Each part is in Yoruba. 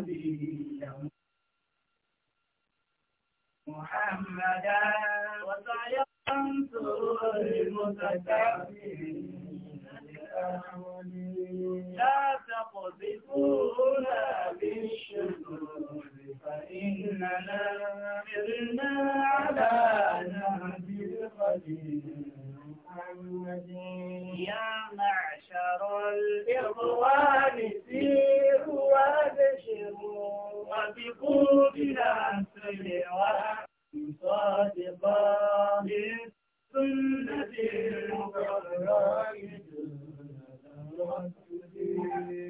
نبي محمدا وسينصر المتكبرين لا تقذفونا بالشرور فإننا مرنا على نهج الخليل يا معشر الإخوان سيروا وابشروا وثقوا بنصر صادقا بالسنة المقررة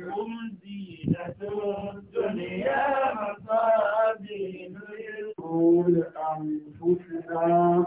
هم زينة الدنيا مصادر للقول أنفسنا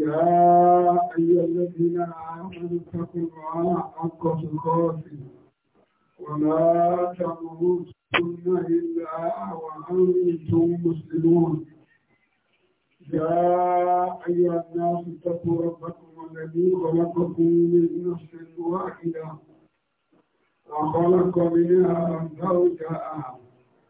يا أيها الذين آمنوا اتقوا الله حق تقاته ولا تموتن إلا مسلمون يا أيها الناس اتقوا ربكم الذي خلقكم من نفس واحدة وخلق منها زوجها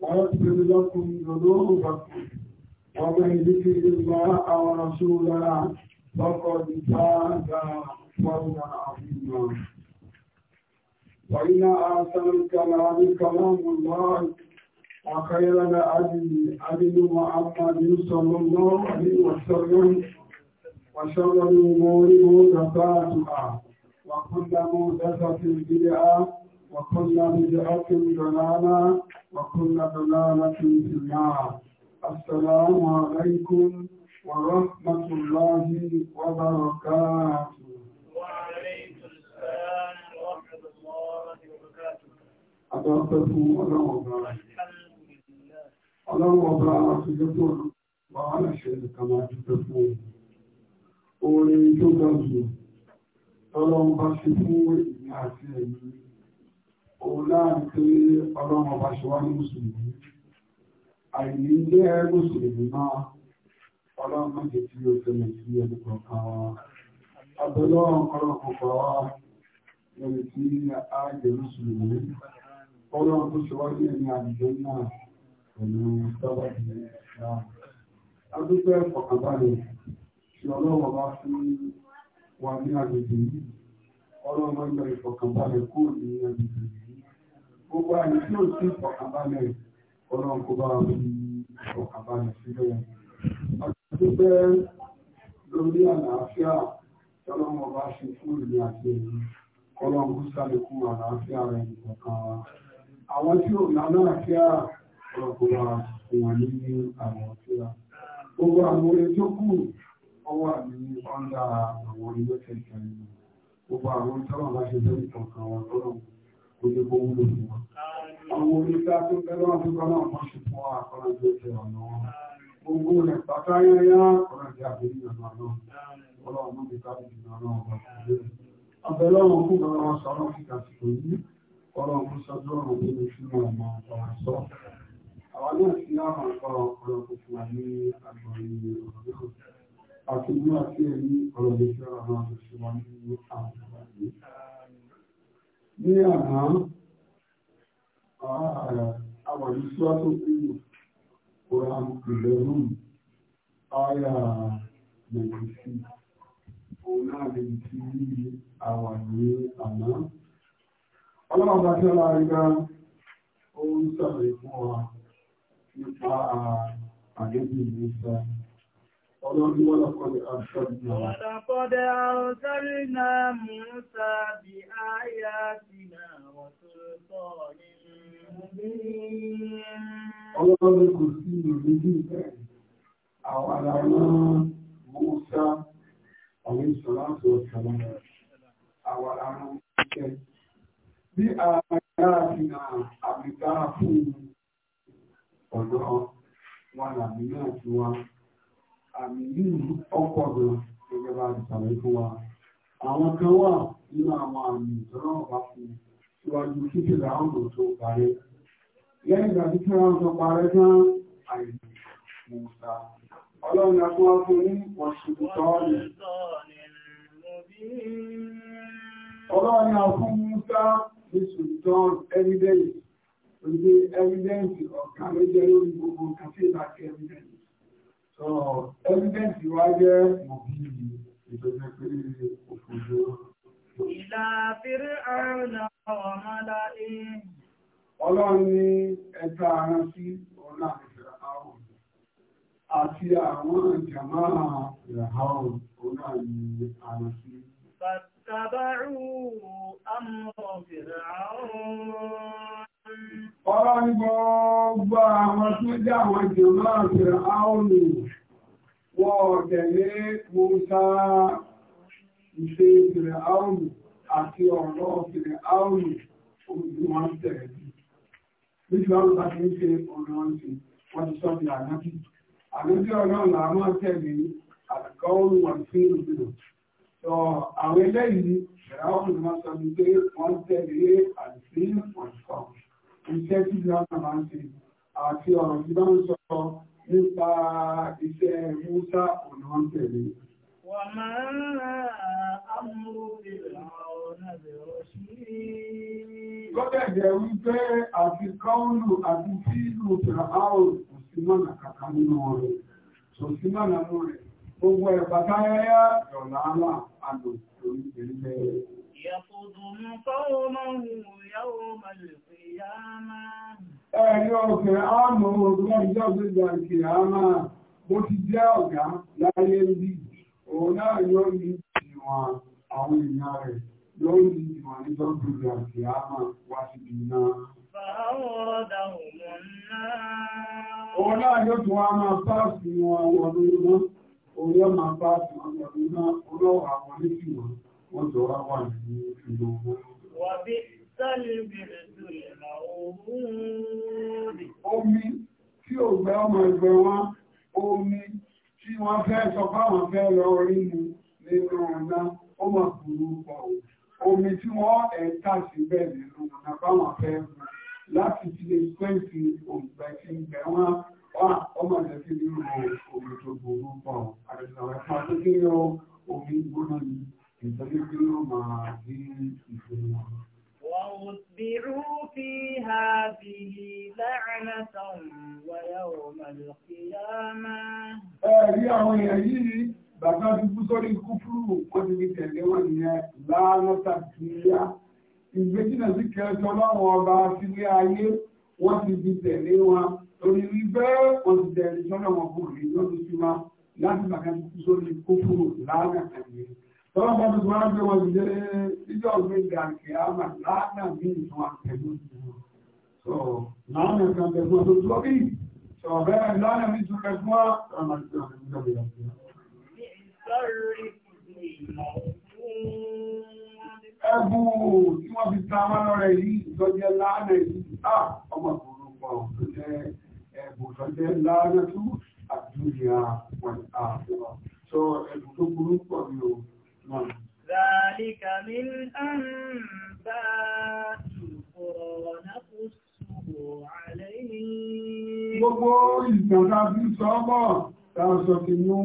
ويغفر لكم ذنوبكم ومن يطع الله ورسوله فقد فاز فوزا عظيما وإن أحسن الكلام كلام الله وخير الأدب أدب محمد صلى الله عليه وسلم وشر الأمور محدثاتها وكل محدثة بدعة وكل بدعة ضلالة وكل ضلالة في النار السلام عليكم ورحمة الله وبركاته وعليكم السلام ورحمة الله وبركاته أدركتكم ولو أبرا ولو أبرا أخذتكم وعلى شيء كما تتكون orin tó gbàgbọ́ tọ́lọ́mbá ṣe fún ìgbà àti ẹ̀yìn ọlọ́run ọba ṣe wá ní mùsùlùmí àìní jẹ́ mùsùlùmí náà ọlọ́run má jẹ́ tí ó tẹ̀lé sí ẹni kọ̀ọ̀kan wa abẹ́lọ́ ọlọ́run kọ̀ọ̀kan wa lórí tí a jẹ́ mùsùlùmí ọlọ́run tó ṣe wá ní ẹni àdìjọ náà pẹ̀lú sábàbí náà adúgbò ẹ̀fọ̀kànbalẹ̀ tí ọlọ́run ọba fún wa ní agbègbè yìí ọlọ́run má ìfọ̀kànbalẹ̀ kúrò ní agbègbè yìí gbogbo àyè tí ó sí ìfọ̀kànbalẹ̀ ọlọ́run kó bá fi ìfọ̀kànbalẹ̀ sílẹ̀ àtúgbẹ́ lórí àlàáfíà tọ́lọ́mọ bá ṣe fún ìlú àti èyí ọlọ́run kó sálẹ̀kú àlàáfíà rẹ̀ nìkan wa àwọn tí ò lálàáfíà ọlọ́kùnrin wa kò wọ́n ní àwọn ọ̀fíà gbogbo àwọn orin tó kù ọwọ́ àmì ọ̀ndà àwọn orin tó tẹ̀sán gbogbo àwọn tọ́lọ́mọ bá ṣe lórí kọ̀ọ̀kan wọn lọ́rùn gbogbo gbogbo gbogbo wọn. Àwọn oníta tó bẹ́rọ àdúgbò náà wọ́n ṣe fún àkọ́lájú ọjọ́ ọ̀nà wọn. Gbogbo rẹ̀ pátá yẹ́yá ọ̀rọ̀dẹ̀ àbẹ̀rí ọ̀nà náà. Ọlọ́run mú mi káàdì ìrìnà náà wọ́n ṣe lé. Abẹ́lọ́run kú bẹ̀rẹ̀ wọn sọ̀rọ̀ kíkà sí kò yí. Ọlọ́run sọjọ́ ọ̀rọ̀ tó lè fi mọ̀ ọmọ ọ̀rọ̀ sọ. Àwọn náà ti láwọn ọ̀rọ̀ ọ̀rọ̀ kò fún wa ní àgbọ̀nrín ọ̀rọ̀ náà. Àti inú àti ẹ̀rí ọ̀rọ̀ lè fi ọ̀rọ̀ náà ní àná àwàrí síwájú ìlú Quran eleven aya ninety six òun náà lè ti àwà ní àná. ọlọ́run bá tẹ́lá ríra ó ń sàlẹ̀ fún wa nípa àdébìnrin sáà. ولقد أرسلنا موسى بآياتنا وسلطان مبين Ọlọ́run kò sí ìrìnlẹ́gbẹ̀ ìfẹ́, àwọn aláwọ̀ Mọ́sá, àwọn ìṣọ́lá àtọ̀ọ̀ṣọ́lá, àwọn aláwọ̀ ìfẹ́. Bí ààrẹ àti àmì dára fún ọ̀dọ́ wọn làmì náà ti wá àmì yìí ọ̀pọ̀ gan gẹ́gẹ́ bá ti sàlẹ̀ fún wa. Àwọn kan wà nínú àwọn àmì ìtọ́nà ọ̀bá fún síwájú títí ráhùn tó parẹ́. Lẹ́yìn ìgbà tí kí wọ́n sọ parẹ́ tán, àìsàn Mùsà. Ọlọ́run ni a tún wá fún ní ọ̀ṣùnkù tọ́ọ̀lì. Ọlọ́run ni a fún Mùsà ní Sùtọ́ọ̀lì evidence. ọ̀gá ló lórí gbogbo kàfíìlà evidence. Ẹ́fídẹ́ǹsì wá jẹ́ òbí ìjọba pé òfòjò. Ìlà fírí àrùn ọmọdá ìhìn. Ọlọ́run ní ẹta aran àti àwọn ìjàmá ìràhàrùn ọ̀nà ní aran sí. Fàtàbárù àmọ̀ fìràrùn. Ọlọ́run gbogbo àwọn tó jẹ́ àwọn ìjọba àti àọ́nù wọ́n tẹ̀lé Musa ìṣe ìṣẹ̀lẹ̀ àọ́nù àti ọ̀rọ̀ ìṣẹ̀lẹ̀ àọ́nù ojú wọn tẹ̀lé. Níjú àwọn bá ti ń ṣe ọ̀nà ọ̀sẹ̀ wọ́n ti sọ́bí làwọn tẹ̀lé wọn nke tí ìlú àkà máa ń ṣe àti ndị tí bá ń sọ nípa iṣẹ́ Musa ọ̀nà tẹ̀lé. Gọ́dẹ̀ jẹ́ wípé àti kọ́ọ̀lù àti fíìlù Fìràáò kò sí mọ́nà kàkà nínú rẹ̀. Kò sí يقضم قومه يوم القيامة Ẹ̀rí ọ̀gẹ̀ àmọ́ ọdún ọjọ́ gbígbà kì á máa bó ti jẹ́ ọ̀gá láyé rí. Òun náà yóò ní ìwọ̀n àwọn èèyàn rẹ̀ yóò ní ìwọ̀n níjọ́ gbígbà kì á máa wá sí ìdìnnà. Òun náà yóò tún wá máa Ọ wọn ọdún náà. Òun wọ́n jọ wá wà ní ìlú owó. Wà bí sálì bẹ̀rẹ̀ tó lè ra òun rí. Omi tí ògbẹ́ ọmọ ẹgbẹ́ wọn, omi tí wọ́n fẹ́ sọ fáwọn fẹ́ lọ rí mu nínú ọ̀nà ó mà kúrú pọ̀ o. Omi tí wọ́n ẹ̀ka síbẹ̀ nínú ọ̀nà báwọn fẹ́ mu láti ti lè pẹ́ǹtì ògbẹ́ tí ń bẹ̀ wọ́n ọmọ ìdẹ́sí nínú omi tó burú pọ̀ o. Àdìsàn ẹ̀ka omi gbóná yìí nítorí pé yóò máa rí ìfún wọn. وأتبعوا في هذه لعنة ويوم القيامة. ẹ̀rí àwọn èèyàn yìí bàbá dúdú sórí kúfúrú wọ́n ti fi tẹ̀lé wọn nìyẹn láàánúta kìíyà ìgbésìnà sí kẹrẹsì ọlọ́run ọba sílé ayé wọ́n ti fi tẹ̀lé wọn torí rí bẹ́ẹ̀ wọ́n ti tẹ̀lé sọ́dọ̀ wọn kò rí lọ́dún sí wa láti bàbá dúdú sórí kúfúrú láàánúta kìíyà. Tọ́lá bá tuntun máa ń gbé wọn jẹ́ níjọ́ gbé ìdàkẹ́ àmà láàánà ní ìtàn àtẹ̀lú Sọ láàánà kan bẹ̀ fún ọdún tó rí. Sọ bẹ́ẹ̀ láàánà ní tún bẹ fún ọmọ ìjọba ìjọba ìjọba. Ẹ̀bùn tí wọ́n fi ta wá lọ́rẹ̀ yìí yìí tó jẹ́ ẹ̀bùn tó jẹ́ láàánà ذلك من أنباء القرى نقصه عليك gbogbo ti mú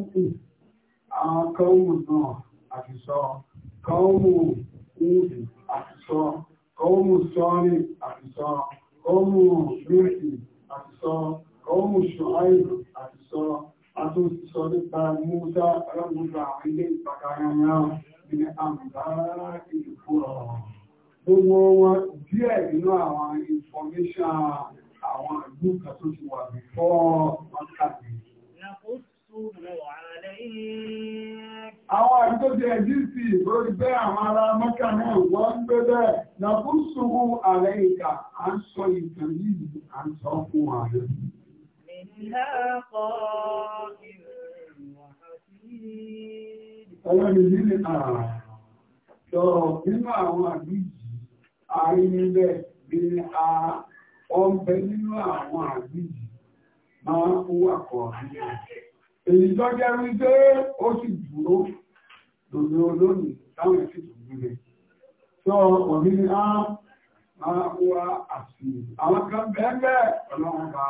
àwọn kọ́ọ̀mù náà àti sọ kọ́ọ̀mù ìrìn àti sọ kọ́ọ̀mù sọ́ọ̀rì àti sọ kọ́ọ̀mù mìíràn àti sọ kọ́ọ̀mù ṣùgbọ́n àti sọ àtúnṣọ nípa Múta ọlọ́gbùgbà ilé ìpàkàyànlá ní àmìbá ìfúrọ̀. Gbogbo wọn díẹ̀ nínú àwọn information àwọn àgbúkà tó ti wà bí fọ́ mọ́kàdé. Àwọn àdúgbò ti ẹ̀jísì lórí bẹ́ àwọn ará mọ́kà náà wọ́n ń منها قائم وحسيد nínú àwọn àbíjì a nínú àwọn àbíjì máa ń wà kọ̀ nílẹ̀. èyí tó jẹ́ ó sì dúró lòdó lónìí táwọn èsì tó àti àwọn kan bẹ́ẹ̀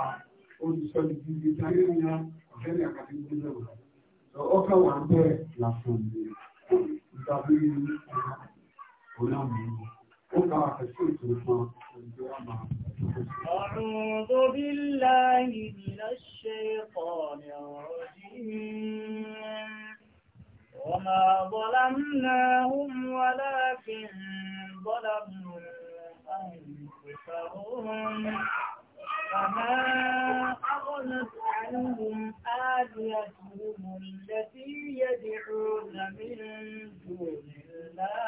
olùsọ ibi ìtayé ya ọ̀fẹ́lẹ̀ àkàtì ìgbésẹ̀ wà. ọkà wà bẹ́ẹ̀ lásán ní ìtàbí ọ̀làmù ọkà àkàtì ìtòkàn ìgbéyàmà. أعوذ بالله من الشيطان الرجيم وما ظلمناهم ولكن ظلموا أنفسهم فما أغنت عنهم آلهتهم التي يدعون من دون الله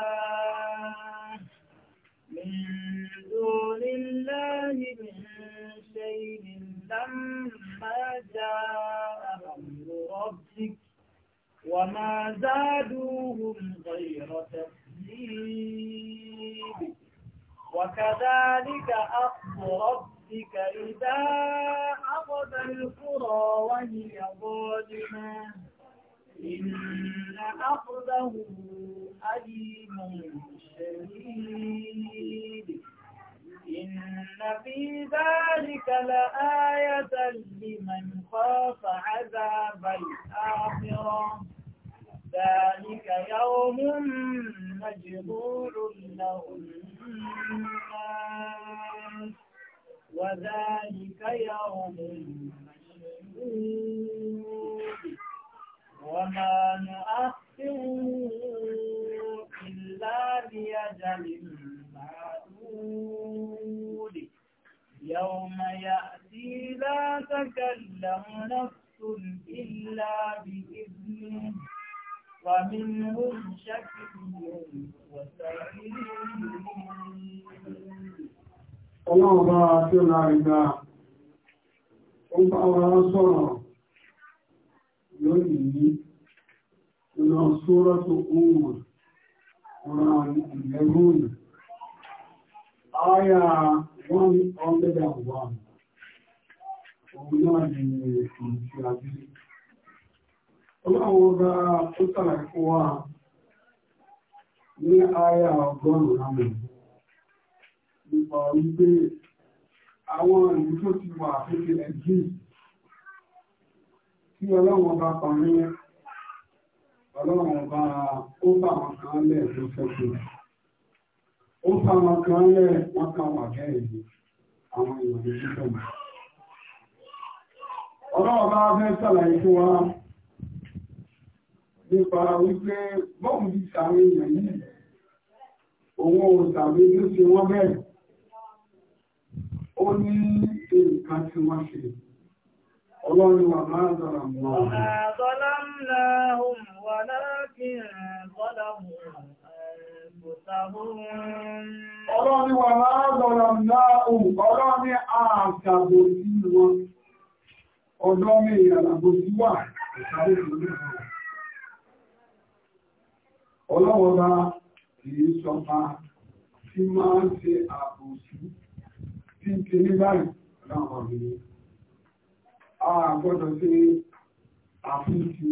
يوم يأتي لا تكلم نفس إلا بإذنه ومنهم شكر وسعيد Ọlọ́run bá tí ó láàrin náà, ó bá tó oòrùn ọ̀rọ̀ ìlẹ́gbọ́n. Ayà 101. Òun náà ni èsì ti àjílé. Ọlọ́run ọba tó sàlàyé fún wa ní àyà ọgọ́rùn-ún lámì nípa wípé àwọn ìlú tó ti wà àfẹ́fẹ́ ẹgbẹ́ tí ọlọ́run ọba pàmí ọlọ́run ọba ó bà wọn kan lẹ́ẹ̀dọ́sẹ̀kùnrin. ó fa wọn maka lẹ̀ wọ́n kan wà bẹ́ẹ̀ ni àwọn ìwà ní títọ̀ mọ́. ọlọ́wọ́ bá wípé bọ́ọ̀mù ti sàwọn èèyàn yìí òun ò ṣe wọ́n bẹ́ẹ̀ ó ní nǹkan tí wọ́n ṣe ọlọ́run wà Ọlọ́ni wà máa náà ohun, ọlọ́ni àtàbò sí wọn, ọ̀dọ́ mi ìrànàbò sí wà, ìsàbò sí wọn. Ọlọ́wọ́ bá kìí sọ bá tí máa ń ṣe àbò sí, tí ń kiri báyìí A gbọ́dọ̀ ṣe àfíìsí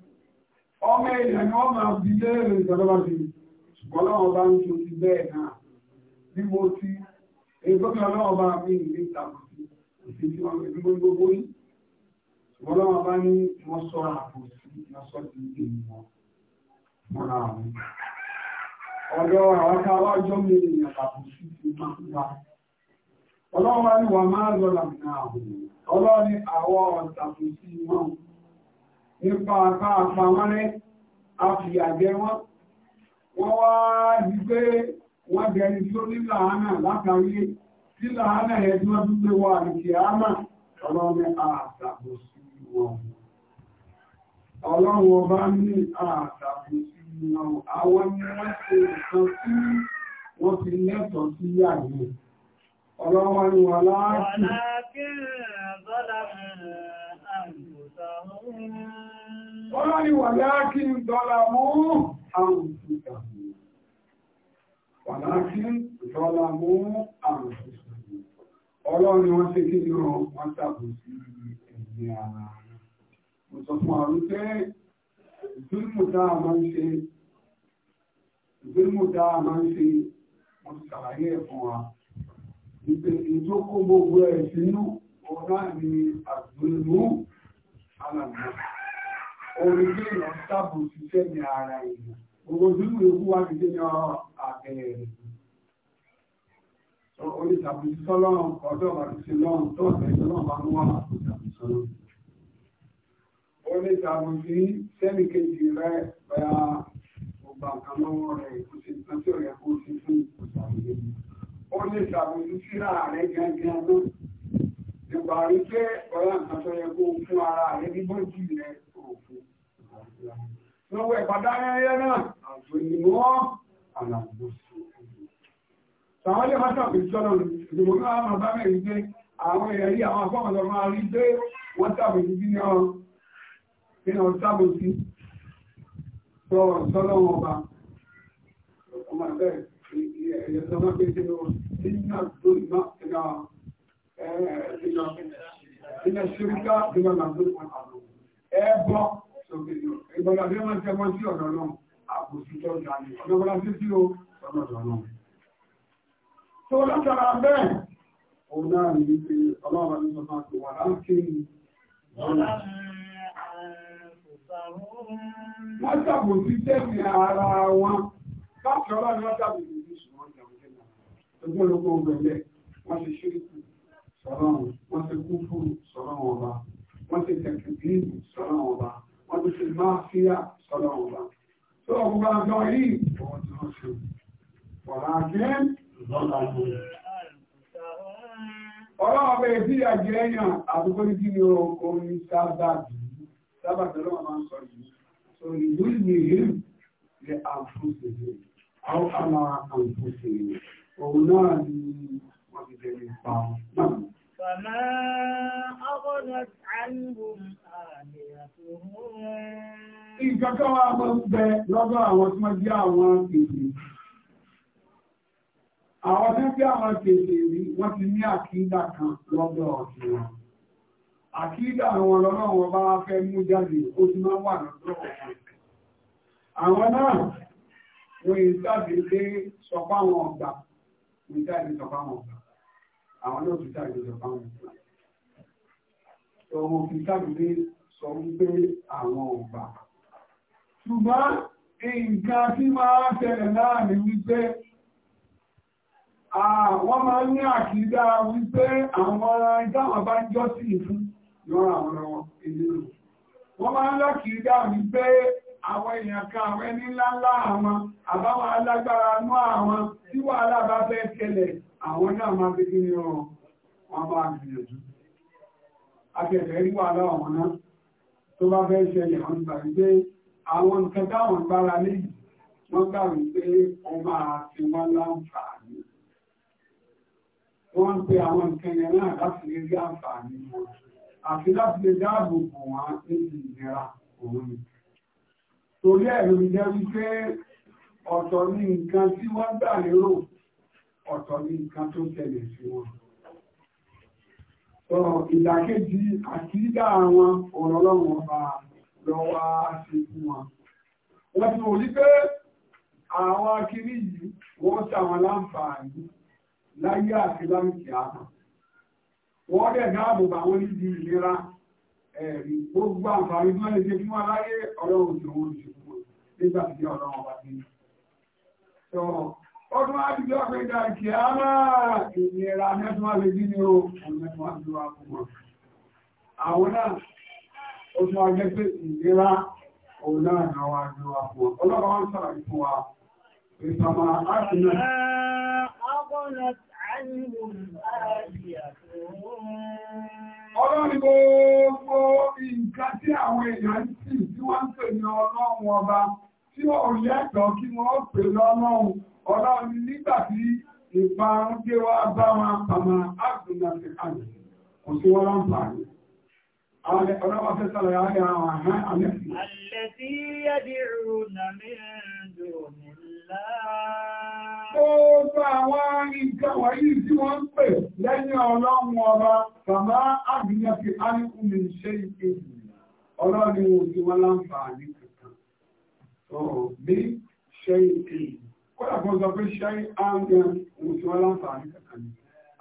ọmọ èèyàn ni wọ́n máa bí léèrè ìjọba sí ṣùgbọ́n láwọn bá ń ṣe ti bẹ́ẹ̀ náà bí mo ti ègbókè ọlọ́wọ́ bá mi ní ìtàkùsí òsì tí wọ́n fi gbogbo gbogbo yìí ṣùgbọ́n láwọn bá ní wọ́n sọ ààbò sí lọ́sọ̀ tí èèyàn mọ́ra àwọn ọ̀dọ́ àwọn ọlọ́ni àwọn ọ̀tàkùsí náà nípa àpá àpá wọn rẹ̀ àfìyàjẹ wọn wọ́n wá di pé wọ́n jẹni tí ó látàrí nílà ánà ẹ̀ tí wọ́n tún gbé wà àmà wọn ọlọ́run ọba ní àtàbò sí wọn àwọn ni wọ́n ṣe nǹkan tí wọ́n sí ọlọ́run Ọlọ́ni wà láàkí ń dọ́là mú àrùn ìgbà. Wà láàkí ń dọ́là mú àrùn ìgbà. Ọlọ́ni wọ́n ṣe kí ní ọ̀rọ̀ wọ́n tàbí sí ẹ̀yẹ ara. Mo sọ fún àrùn pé ìgbìmọ̀dá máa ń ṣe, ìgbìmọ̀dá máa ń ṣe, mo ti ṣàlàyé ẹ̀ fún wa. Ìjókòó gbogbo ẹ̀ sínú, ọ̀rá ni àgbèrú alàgbà orí bí èèyàn sábò ṣiṣẹ́ ní ara èèyàn gbogbo dúdú ewu wá fi dénà àbẹ̀rẹ̀ olùsàbòsí sọ́lọ́run ọ̀dọ́ àbòsí lọ́run tó ọ̀sẹ̀ lọ́run bá mú wà àbòsí sọ́lọ́run olùsàbòsí sẹ́nì kejì rẹ̀ bẹ́ẹ̀ ọgbà kan lọ́wọ́ rẹ̀ kò sí nǹkan tí ọ̀rẹ́ kò sí fún ìsàbòsí olùsàbòsí síra rẹ̀ gángan náà ìgbà rí pé ọ̀rẹ́ nǹkan tó yẹ kó fún ara rẹ̀ ní bọ́ọ̀jì rẹ̀ òfò lọ́wọ́ ìpàdá ayẹyẹ náà àjò ìmọ̀ àlàbòsí sàwọn lè máa tàbí sọ́nà ìdìbò náà máa bá mẹ́rin pé àwọn èèyàn yìí àwọn afọ́mọ̀lọ́ máa rí pé wọ́n tàbí sí bí náà nínú sábò sí sọ́wọ́ sọ́nà ọba ọmọ ẹgbẹ́ ẹ̀yẹ sọ́nà pé sínú sínú àdó ìmọ̀ ẹ̀ẹ́dínà ṣíríkà ìmọ̀ àdó ìmọ̀ àdó ẹbọ sókè ìgbọ̀nà bí wọ́n tẹ́mọ́ sí ọ̀dọ̀ náà àbòsí tó ga ní ọ̀dọ̀gbọ́n sí sí ọ̀dọ̀ náà tó látara bẹ́ẹ̀ òun náà ní wípé ọlọ́run ní sọ máa tó wà láti wọ́n tàbòsí tẹ́mi ara wọn láti ọlọ́run wọ́n tàbòsí sí ṣùgbọ́n ìjàmùjẹ́ náà ẹgbẹ́ ológun ọgbẹ̀lẹ̀ wọ́n ti ṣe sọ̀rọ̀ wọ́n ti kú fún sọ̀rọ̀ wọn bá wọ́n ti tẹ̀kìtì sọ́nà ọba wọ́n ti fi máa fíyà sọ́nà ọba tó ọgbà àjọ yìí wọ́n ti wọ́n ṣe ọ̀rọ̀ àjẹ́ lọ́la ló ọ̀rọ̀ ọba èdè àjẹ́ èèyàn àdúgbò ní kíni orin sábàbí sábàbí ọlọ́wọ́ máa ń sọ yìí tó ìlú ìlú lè àfúnṣe àwọn àmà àǹfọ̀ṣe òun náà ni wọ́n ti tẹ̀lé pa náà. فما أغنت عنهم آلهتهم nǹkan kan wá máa ń bẹ lọ́dọ̀ àwọn tí wọ́n jẹ́ àwọn kèfèrí àwọn wọ́n ti ní kan lọ́dọ̀ ọ̀sìn wọn àkídà wọn bá fẹ́ mú jáde ó àwọn náà wọ́n yìí jáde àwọn náà fi tàbí sọ fáwọn ìsìlámù ọmọ fi tàbí sọ wípé àwọn ọgbà ṣùgbọ́n nǹkan tí máa tẹ̀lẹ̀ láàrin wípé àwọn máa ní àkídá wípé àwọn ìdáwọn bá ń jọ́sìn fún lọ́rọ̀ àwọn ọmọ ìlú wọn máa ń lákìídá wípé àwọn èèyàn kan àwọn ẹni ńláńlá àwọn àbáwọn alágbára mọ́ àwọn tí wà alábá fẹ́ kẹlẹ̀ àwọn náà máa fi kíni ọ̀rọ̀ wọn bá gbìyànjú akẹ̀kẹ́ rí wà láwọn ọmọ náà tó bá fẹ́ ṣẹlẹ̀ wọn gbà wípé àwọn nǹkan táwọn gbára léyìí wọ́n gbà torí ẹ̀rọ mi jẹ́ wípé ọ̀tọ̀ ní nǹkan tí wọ́n gbà lérò ọ̀tọ̀ ní nǹkan tó tẹ̀lé sí wọn sọ ìdàkejì àkídà àwọn ọ̀rọ̀ ọlọ́run ọba lọ́wọ́ sí fún wọn wọ́n ti wò wípé àwọn akiri yìí wọ́n sàwọn láǹfààní láyé àti láǹkì àmà wọ́n dẹ̀ dáàbò bá wọn níbi ìlera ẹ̀rí gbogbo àǹfààní tó lè fún aláyé ọlọ́run tí wọ́n ṣe fún nígbà tí ọlọ́run ọba ti sọ ọdún àdìjọ ìnira mẹ́tún wá lè ní o mẹ́tún wá lè wá fún wọn. àwọn náà ó tún pé ìnira òun Ọlọ́run gbogbo nǹkan tí àwọn èèyàn ń sìn tí wọ́n ń pè ní ọlọ́run ọba tí ó lẹ́tọ̀ọ́ kí wọ́n pè lọ́lọ́run ọlọ́run nígbà tí ìparun dé wá bá wọn àmà àgbìnàṣe àjò kò sí wọ́n láǹfààní. Ọlọ́run fẹ́ sọ̀rọ̀ yára àwọn àmì. Àlẹ́ sí yẹ́dìrú nàmí Gbogbo àwọn nǹkan wọ̀nyí tí wọ́n ń pè lẹ́yìn ọlọ́run ọba, bàbá àbíyàn fi áníkù mi ṣe ìpè ọlọ́run òjì wọn láǹfààní kankan. Ọ̀rọ̀ bí ṣe ìpè. Kọ́lá kan sọ pé ṣe áńgẹ̀ òjì wọn láǹfààní kankan.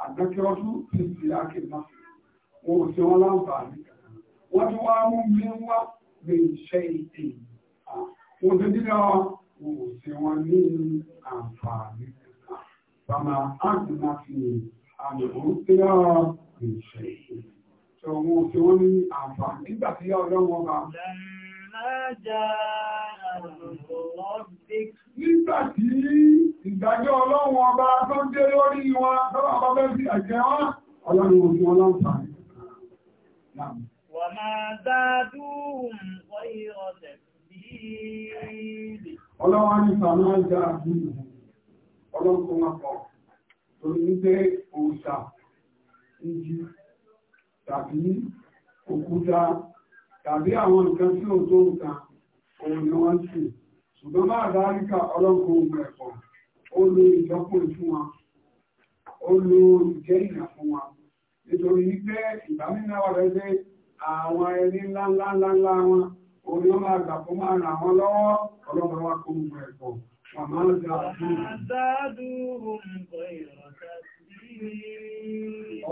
Àgbẹ̀kẹ́ ọdún ti fi ákè náà. Òjì wọn láǹfààní kankan. Wọ́n ti wá mú mi wá bí ṣe ìpè. Òjì ah, wò ó ṣe wọ́n ní àǹfààní kankan. Bàmà áàdì máa fi àmì òun pé wọ́n ní àǹfààní nígbà tí ọ̀rọ̀ wọn bá. Nígbà tí ìdájọ́ ọlọ́run ọba tó ń dé lórí wọn, tọ́lá ọba bẹ́ẹ̀ sí ẹ̀jẹ̀ wọn, ọlọ́run ò ní wọn láǹfààní. وما زادوهم غير تكبير ọlọ́wọ́ ní sàmà já àbúrò ọlọ́kọ́ wọn pọ̀ torí ń pé òòṣà ìjì tàbí òkúta tàbí àwọn nǹkan tí ó tó nǹkan òun ni wọ́n sì ṣùgbọ́n máa dáríkà ọlọ́kọ́ ohun ẹ̀pọ̀ ó lo ìjọpọ̀ fún wa ó lo ìjẹ́ ìyà fún wa nítorí pé ìbámínà rẹ̀ pé àwọn ẹni ńláńláńláńlá wọn orí ó máa gbà kó máa ràn wọ́n lọ́wọ́ ọlọ́run wá kó gbogbo ẹ̀kọ́ wà máa ń gbà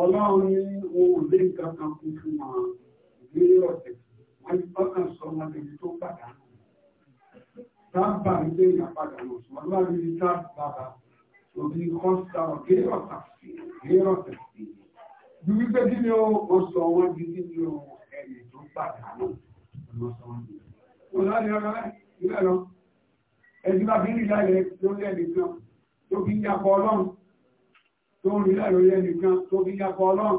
ọlọ́run ní ohun lé nǹkan kan kún fún wa ìdílé ọ̀sẹ̀ wọ́n ti bọ́kàn sọ wọn lèmi tó pàdánù tábà ń lé ìyá pàdánù ṣùgbọ́n wọ́n rí i tábà òbí kọ́ńtà gẹ́rọ̀ tàbí gẹ́rọ̀ tàbí di kí ni tó pàdánù. Ẹjú bá bí nílá ilẹ̀ lórí ẹnìkan tó fi ń yàpọ̀ ọlọ́run tó ń rílẹ̀ lórí ẹnìkan tó fi ń yàpọ̀ ọlọ́run.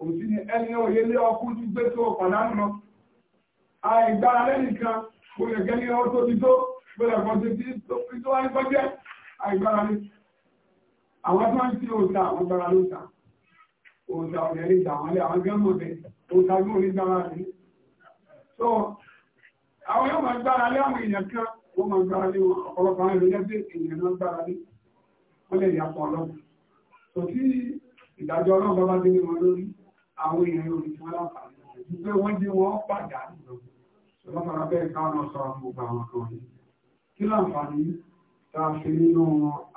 Òsí ni ẹni òye lé ọkú tí gbé tó pàdánù lọ. Àìgbára lẹ́nìkan o lè gẹ́ ní ọwọ́ tó ti tó gbọ́dọ̀ kan ti tí tó fi tó wáyé kọjẹ́ àìgbára ní. Àwọn tó ń ti òòta àwọn gbára lóòta. Òòta ọ̀dẹ̀ lè dà so àwọn yóò máa gbára lé àwọn èèyàn kan wọ́n máa gbára lé wọn ọ̀pọ̀lọpọ̀ àwọn èèyàn bí èèyàn náà gbára lé wọ́n lè yà pọ̀ lọ́wọ́ kò sí ìdájọ́ ọlọ́run bá bá dé wọn lórí àwọn èèyàn yóò rí fún aláǹfààní ju pé wọ́n dé wọn pàdà lọ lọ́pàá bẹ́ẹ̀ káwọn sọ àwọn gbogbo àwọn kan yìí kí láǹfààní tá a fi nínú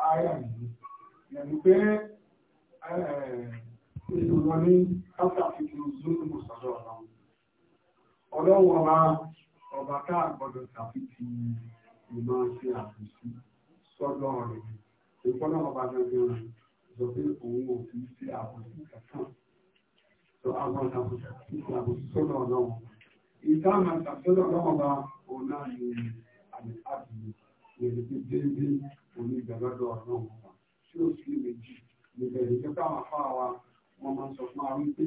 àyà yìí yẹnu pé èèyàn wọn ní káfíà fi kí ọlọ́run ọba ọba tá a gbọ́dọ̀ tàbí ti ìmọ̀ ṣe àbùsí sọ́dọ̀ rẹ̀ ìfọ́nà ọba gangan rẹ̀ sọ pé òun ò fi ṣe àbùsí kankan sọ àwọn àbùsí sọ́dọ̀ ọlọ́run ìta máa ṣàṣọ́dọ̀ ọlọ́run ọba òun náà ní àmì àbùsí ìrètí pé déédéé onígbàlọ́dọ̀ ọlọ́run ọba tí ó sì méjì níbẹ̀ ìjọba àwọn afáwa wọn máa sọ fún wa wípé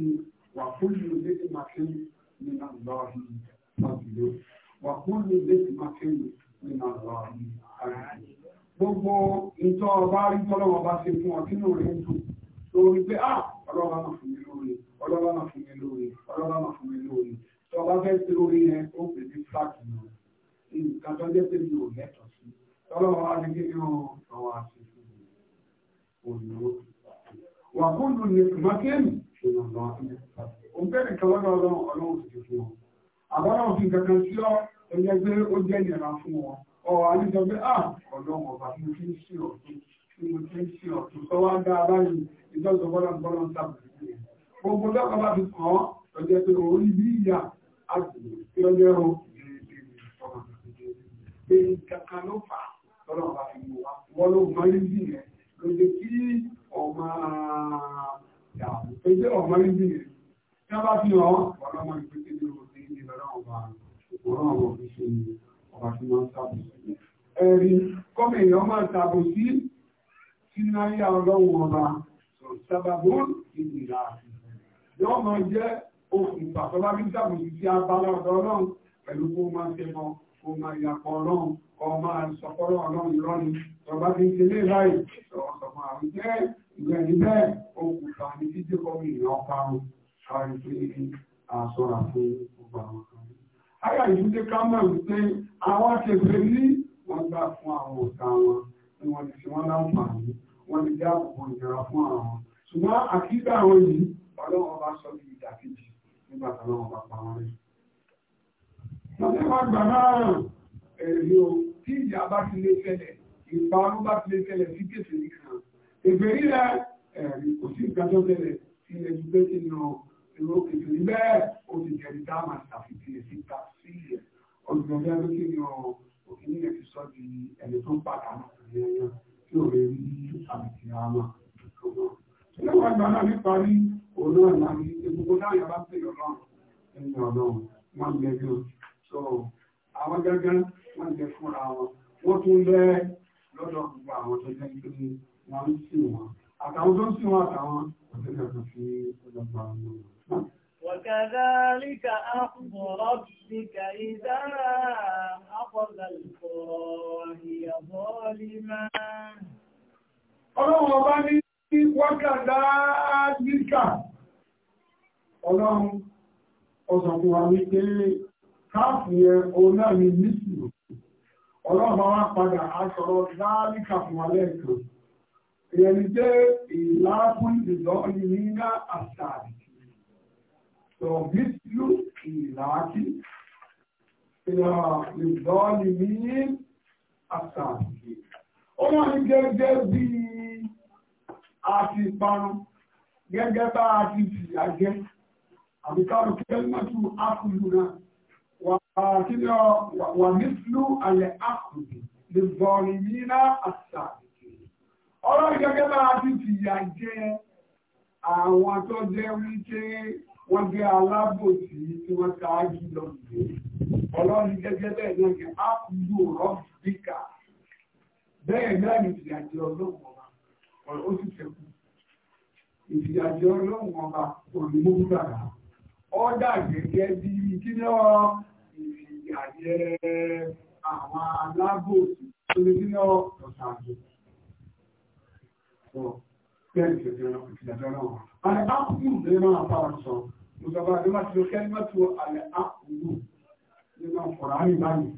wà fún ìlú lédè màkínní. من الله فضله وكل نعمة من الله عزيز gbogbo ìtọ́ ọba rí tọ́lọ́wọ́ bá ṣe fún ọtí lórí ń dùn lórí pé à ah, ọlọ́ba máa fún mi lórí ọlọ́ba máa fún mi lórí ọlọ́ba máa fún mi lórí tí ọba fẹ́ ṣe lórí yẹn ó pè ní fúláàkì náà nǹkan tó jẹ́ pé mi ò lẹ́tọ̀ọ́ sí tọ́lọ́wọ́ wá ní kíkí wọn ọwọ́ àti fún mi òyìnbó wà kúndùn ní ìmọ̀kéèmì ṣùgbọ́n lọ́wọ́ òǹkẹ́rì kan lọ́dọ̀ ọlọ́run ọlọ́run sì ti fún wọn àbọ́lọ́run fi nǹkan kan sí ọ ẹgbẹ́ pé ó jẹ́ ìnira fún wọn ọ àlejò pé à ọlọ́run ọba mo fi ń sí ọ̀tún mo fi ń sí ọ̀tún sọ wá dá báyìí ìjọsọ bọ́lá bọ́lá ń sábùkù yẹn gbogbo lọ́kọ̀ bá fi kàn án lọ́jọ́ pé òun ní ìyá àgbègbè tí lọ́jọ́ tí wọ́n bá fi hàn ọ̀rọ̀ ọmọ ìpín tí ó ti ní ìlọ́rọ̀ ọba ọ̀rọ̀ ọmọ fi ṣe ọba tí wọ́n ń tàbí sí. ẹ̀rí kọ́mẹ̀ èèyàn máa tàbí sí sínáyà ọlọ́run ọba sábàbó ìdìrà yóò máa jẹ́ òkùnfà tó bá fi sí sí abala ọ̀dọ̀ ọlọ́run pẹ̀lú kó máa ṣe mọ́ kó máa yàpọ̀ ọlọ́run kó máa sọpọ́rọ̀ ọlọ́run ìrọ́ni ìgbẹ̀yìn bẹ́ẹ̀ òkùnfà ní títí kọ́mì ìrọ̀ parun káwọn tó yẹ a sọ́ra fún gbogbo àwọn kan. Ayà yìí dé ká mọ̀ wípé àwọn akẹ́kẹ́ ní wọ́n gbà fún àwọn ọ̀tá wọn ni wọ́n ti ṣe wọ́n láǹfààní wọ́n ti dá àbùkù ìjọra fún àwọn. Ṣùgbọ́n àkídà àwọn yìí ọlọ́run bá sọ bí ìdàkejì nígbà tí ọlọ́run bá pa wọ́n rẹ̀. Lọ́sẹ̀ wá gbà náà èrè o tí ìyá bá ti lé fẹ́lẹ̀ ìparun bá ti lé fẹ́lẹ̀ sí kéfèé nìkan. Ègbèrí rẹ̀ kò sí ìgbàjọ́ bẹ̀rẹ̀ sí ẹ̀jú bẹ́ẹ̀ nínú ìró kejì ní bẹ́ẹ̀ ó ti jẹ́ni tá a máa ṣàfihàn síta sí ilẹ̀ ọdún ọdún ẹgbẹ́ kí ni òkìní yẹn ti sọ di ẹni tó ń pàdánù ìyẹn tí ò lè rí àbìtì àmà ìlú àgbà náà nípa rí òun náà láti egungun náà yàrá ń pè ọlọ́run ẹni ọlọ́run wọ́n lè rí o so àwọn gẹ́gẹ́ wọ́n lè fúnra wọn wọ́n tún lẹ́ lọ́dọ̀ gbogbo àwọn tó jẹ́ pé wọ́n ń sìn wọn àtàwọn tó ń sìn wọn àtàwọn òṣèlú ẹ̀sùn fi ọjọ́ gbà lọ́wọ́ وكذلك أخذ ربك إذا أخذ القرى هي ظالمة ọlọ́run ọba ní wákàtá áfíríkà ọlọ́run ọ̀sọ̀kùn wa wípé káàfù yẹ òun náà ní nísìlò ọlọ́run wa padà aṣọ́rọ̀ láàríkà fún alẹ́ kan ìyẹn ni ìdọ́ ìrìnà àṣàrí tọ̀mísìlú ìlàákì ìdọ́ọ̀lì ní àtàkì ó wọ́n ní gẹ́gẹ́ bí a ti parun gẹ́gẹ́ bá a ti fi àjẹ́ àbíkárù kẹ́lẹ́mọ́tù ákùlù náà wà mísìlú alẹ́ ákùlù ìdọ́ọ̀lì ní àtàkì ọlọ́rin gẹ́gẹ́ bá a ti fi àjẹ́ àwọn tó jẹ́ wípé wọ́n gbé alábòsí tí wọ́n ṣáájú lọ gbé ọlọ́run gẹ́gẹ́ bẹ́ẹ̀ náà ní ápùlù rọ́bìkà bẹ́ẹ̀ náà ní ìfìyàjẹ́ ọlọ́run ọba ó sì fẹ́kù ìfìyàjẹ́ ọlọ́run ọba olùmọ́gbàrà gẹ́gẹ́ bí kí ni ọ ìfìyàjẹ́ àwọn alábòsí tó ní kí ni bẹ́ẹ̀ ni ìfìyàjẹ́ ọlọ́run ọba ìjọba ní máa ti lo kẹ́lẹ́mẹ́tò àlẹ́ àkùnú nínú ọ̀rọ̀ àmì báyìí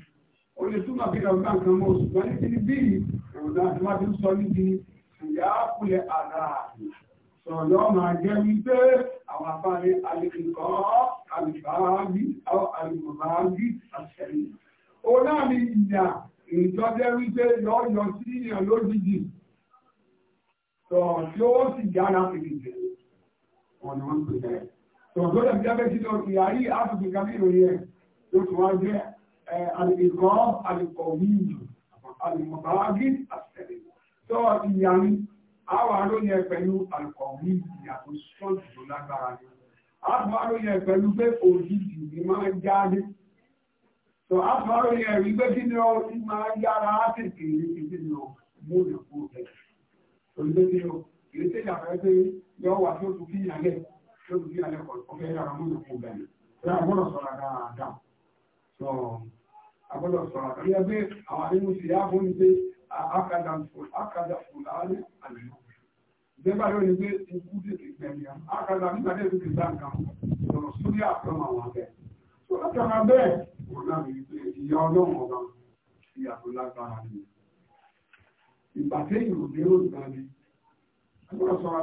ó lè túmọ̀ bí ramadan kan mọ́ oṣù kan níbi bí ramadan tí wọ́n ti ń sọ níbi ìyá kulẹ̀ àdá sọ̀rọ̀ máa jẹ́ wípé àwọn afárí alìkìkọ́ alìbáàbí alìbáàbí àṣẹyìn ó náà ní ìyà ìjọjẹ́ wípé yọ́yọ́ sí ìyàn lójijì sọ̀rọ̀ tí ó sì yára fìdí jẹ́ ọ̀nà wọn pè bẹ́ẹ̀ tòkòtò ìjábẹ́ sí lọ ìyá yìí áfíìsì kábí ìròyìn ẹ̀ tó tún wá jẹ́ àlìkọ́ àlìkọ̀wíìlù àlìmọ̀báwágí àtẹ̀lẹ̀ tó ìyá ní àwọn aróyìn ẹ̀ pẹ̀lú àlìkọ̀wíìlù ìyàtọ̀ sọ́ọ̀dù tó lágbára ni àwọn aróyìn ẹ̀ pẹ̀lú pé òjijì ni máa ń jáde tó àwọn aróyìn ẹ̀ rí pé kí ni ó ti máa yára tètè ní kí ni ó mú ìyàpọ̀ rẹ̀ òjijì ni ó kì í ṣe ìyàpẹ́ pé yọ wà tó tún fi tó bí alẹ́ kọ̀ ọ̀fẹ́ yára mú ìkú bẹ̀rẹ̀ tí a gbọ́dọ̀ sọ̀rọ̀ dáadáa sọ a gbọ́dọ̀ sọ̀rọ̀ dáadáa yẹ pé àwọn àdéhùn sì yá fún mi pé akada fúlàní àlùyọ ìjọba yóò ní pé ikú tètè gbẹ̀mí akada nígbà tètè ti bá nǹkan sọ̀rọ̀ sórí àtọ́nà àwọn abẹ́ tó látara bẹ́ẹ̀ wọn náà rí pé ìyá ọlọ́run ọba ìyá tó lágbára ni ìgbà téèyàn ò lérò ìgbà ni a gbọ́dọ̀ sọ̀rọ̀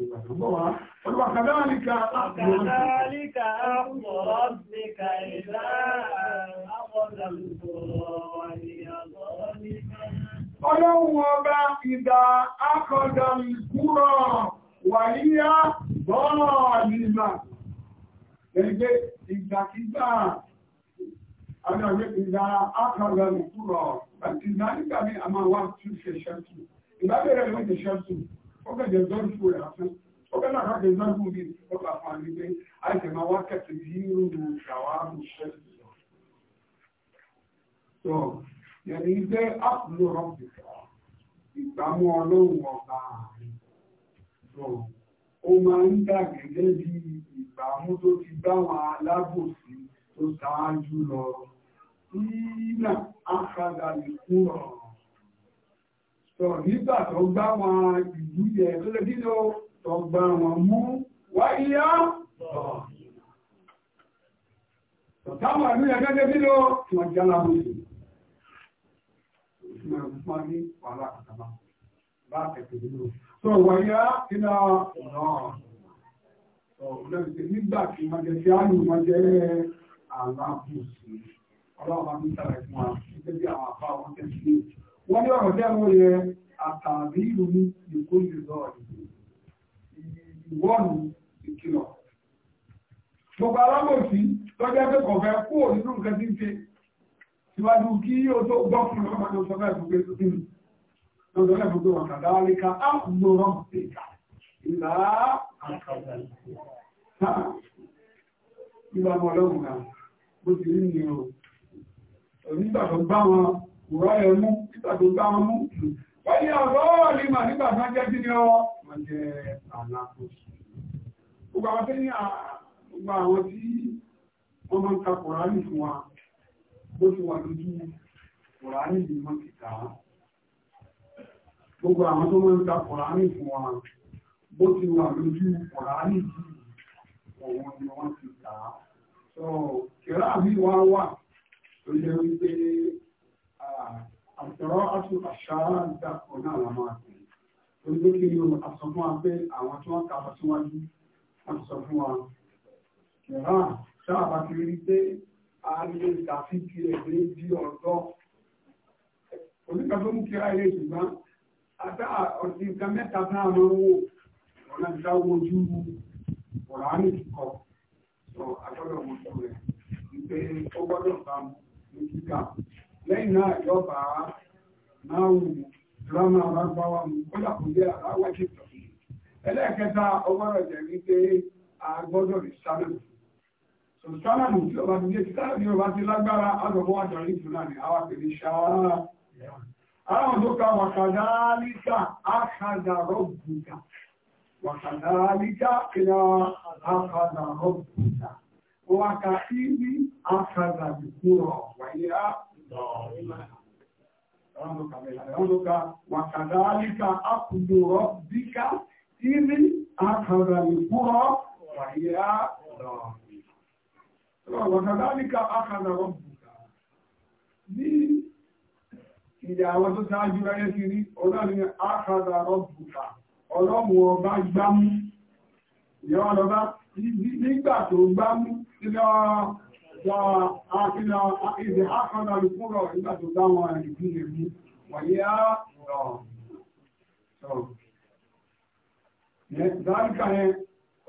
وكذلك وكذلك أخذ ربك إذا أخذ القرى وهي ظالمة ọlọ́run ọba ìdá akọ̀dà ìkúrọ̀ wàíyá bọ́ọ̀lìmà ẹgbẹ́ ìgbàkígbà agbàgbé ìdá akọ̀dà ìkúrọ̀ àti ìdá nígbàmí àmà wà tún ṣe ṣẹ́tù ìbábẹ̀rẹ̀ ló ṣẹ́tù ọgbẹ̀dẹ̀ ìdọ́rùkú rẹ̀ àfẹ́ ọgbẹ̀dẹ̀ àkàkẹ́ ìdọ́rùkú bí ọgbà fún àgbègbè àìsẹ̀ máa wá kẹsì bí irú ìṣàwá àmúṣẹ́ sọ yẹni jẹ́ àpùlọ ọ̀pìtà ìgbàmú ọlọ́run ọba sọ ó máa ń dà gẹ́gẹ́ bí ìgbàmú tó ti báwọn alábòsí tó ṣáájú lọ nígbà ákàdà ìkúrọ̀ sọ nígbà tó gbá wọn ìlú yẹ tó lè nílò tó gbá wọn mú wáyíyá sọ táwọn ìlú yẹ gẹ́gẹ́ nílò tí wọ́n jẹ́ láwọn ìlú ìsinmi ọ̀gbọ́n ní wàhálà àtàbà bá ẹ̀kẹ́ nílò sọ wáyíyá iná náà ọ̀rọ̀lẹ́gbẹ̀ẹ́ nígbà tí wọ́n jẹ́ sí àánú wọ́n jẹ́ àlábùsùn ọlọ́run máa ń tàbí fún wa nígbà tí àwọn àbá wọn tẹ̀sí wọ́n ní ọ̀rọ̀ tẹ́wọ́ yẹ àtàbí ìlú ní ìkó ìlú ìwọ́nù ìkìlọ̀. gbogbo alámòsí lọ́jọ́ pé kò fẹ́ kú òdúdú nǹkan tí ń ṣe síwájú kí ó tó gbọ́ fún ọmọ tó sọ fẹ́ gbogbo ètò nínú lọ́jọ́ lẹ́nu pé wọ́n kàdá léka á lò rọ́ ìkà ìlà àkàdà ìlànà ọlọ́run náà bó ti rí nìyẹn o onígbà tó bá wọn rọ ẹmú títàtò bá mú wọ́n ni àbọ́ ní mà nígbà tó jẹ́ kí ni ọ wọ́n jẹ́ alákòóso gbogbo àwọn tí gbogbo àwọn tí wọ́n máa ń ka kòránì fún wa bó ti wà lójú kòránì yìí mọ́ kíkà gbogbo àwọn tó máa ń ka kòránì fún wa bó ti wà lójú kòránì yìí òun ni wọ́n ti kà á. kìrá mi wá wà tó yẹ wípé àtọ̀rọ̀ àti àṣàrà dàpọ̀ náà la máa pè é torí pé kí ni o àsọ fún wa pé àwọn tí wọ́n kàwọ́ síwájú wọ́n sọ fún wa kẹ̀rà sáà bá ti rí pé a lè ṣàfihì ẹ̀gbẹ́ di ọ̀dọ́ oníkàtó mú kíra ilé ṣùgbọ́n àtà ọ̀sìn nǹkan mẹ́ta náà máa ń wò ọ̀nà ìta ojú ọ̀rání kíkọ sọ àtọ́dọ̀ mọ́tò rẹ̀ wípé ó gbọ́dọ̀ bá mú ní kíkà lẹ́yìn náà yọ bá náà wù drama arágbáwá mu kódà kò jẹ́ aráwá ti tọ̀ ẹlẹ́ẹ̀kẹta ọgbọ́dọ̀ jẹ́ wípé a gbọ́dọ̀ rí sálẹ̀mù so sálẹ̀mù tí ọba ti dé sálẹ̀mù ọba ti lágbára àgbọ̀bọ̀ àjọyìn fúlàní àwọn àpèrè ṣáá àwọn tó ka wàkàdálíkà àkàdàrọ̀ bùkà wàkàdálíkà kìlá àkàdàrọ̀ bùkà wàkàdí àkàdàbùkù rọ̀ wáyé á Ọlọ́ka wàkàdá alíkà ápùdòrọ̀ díkà tí rí àkàrà ìkúrọ̀ wàyíra ọ̀rọ̀. Wàkàdá alíkà ákàrà ọ̀bùkà. Ní ìdí àwọn tó sáájú ráyé sí rí, ọlọ́rin ákàrà ọ̀bùkà, ọlọ́mù ọba gbámú, ìyọ́ ọlọ́bá nígbà tó gbámú وآتنا إذحاقنا القرى إلا تدعونا لكل ويا Dáríkà ẹ,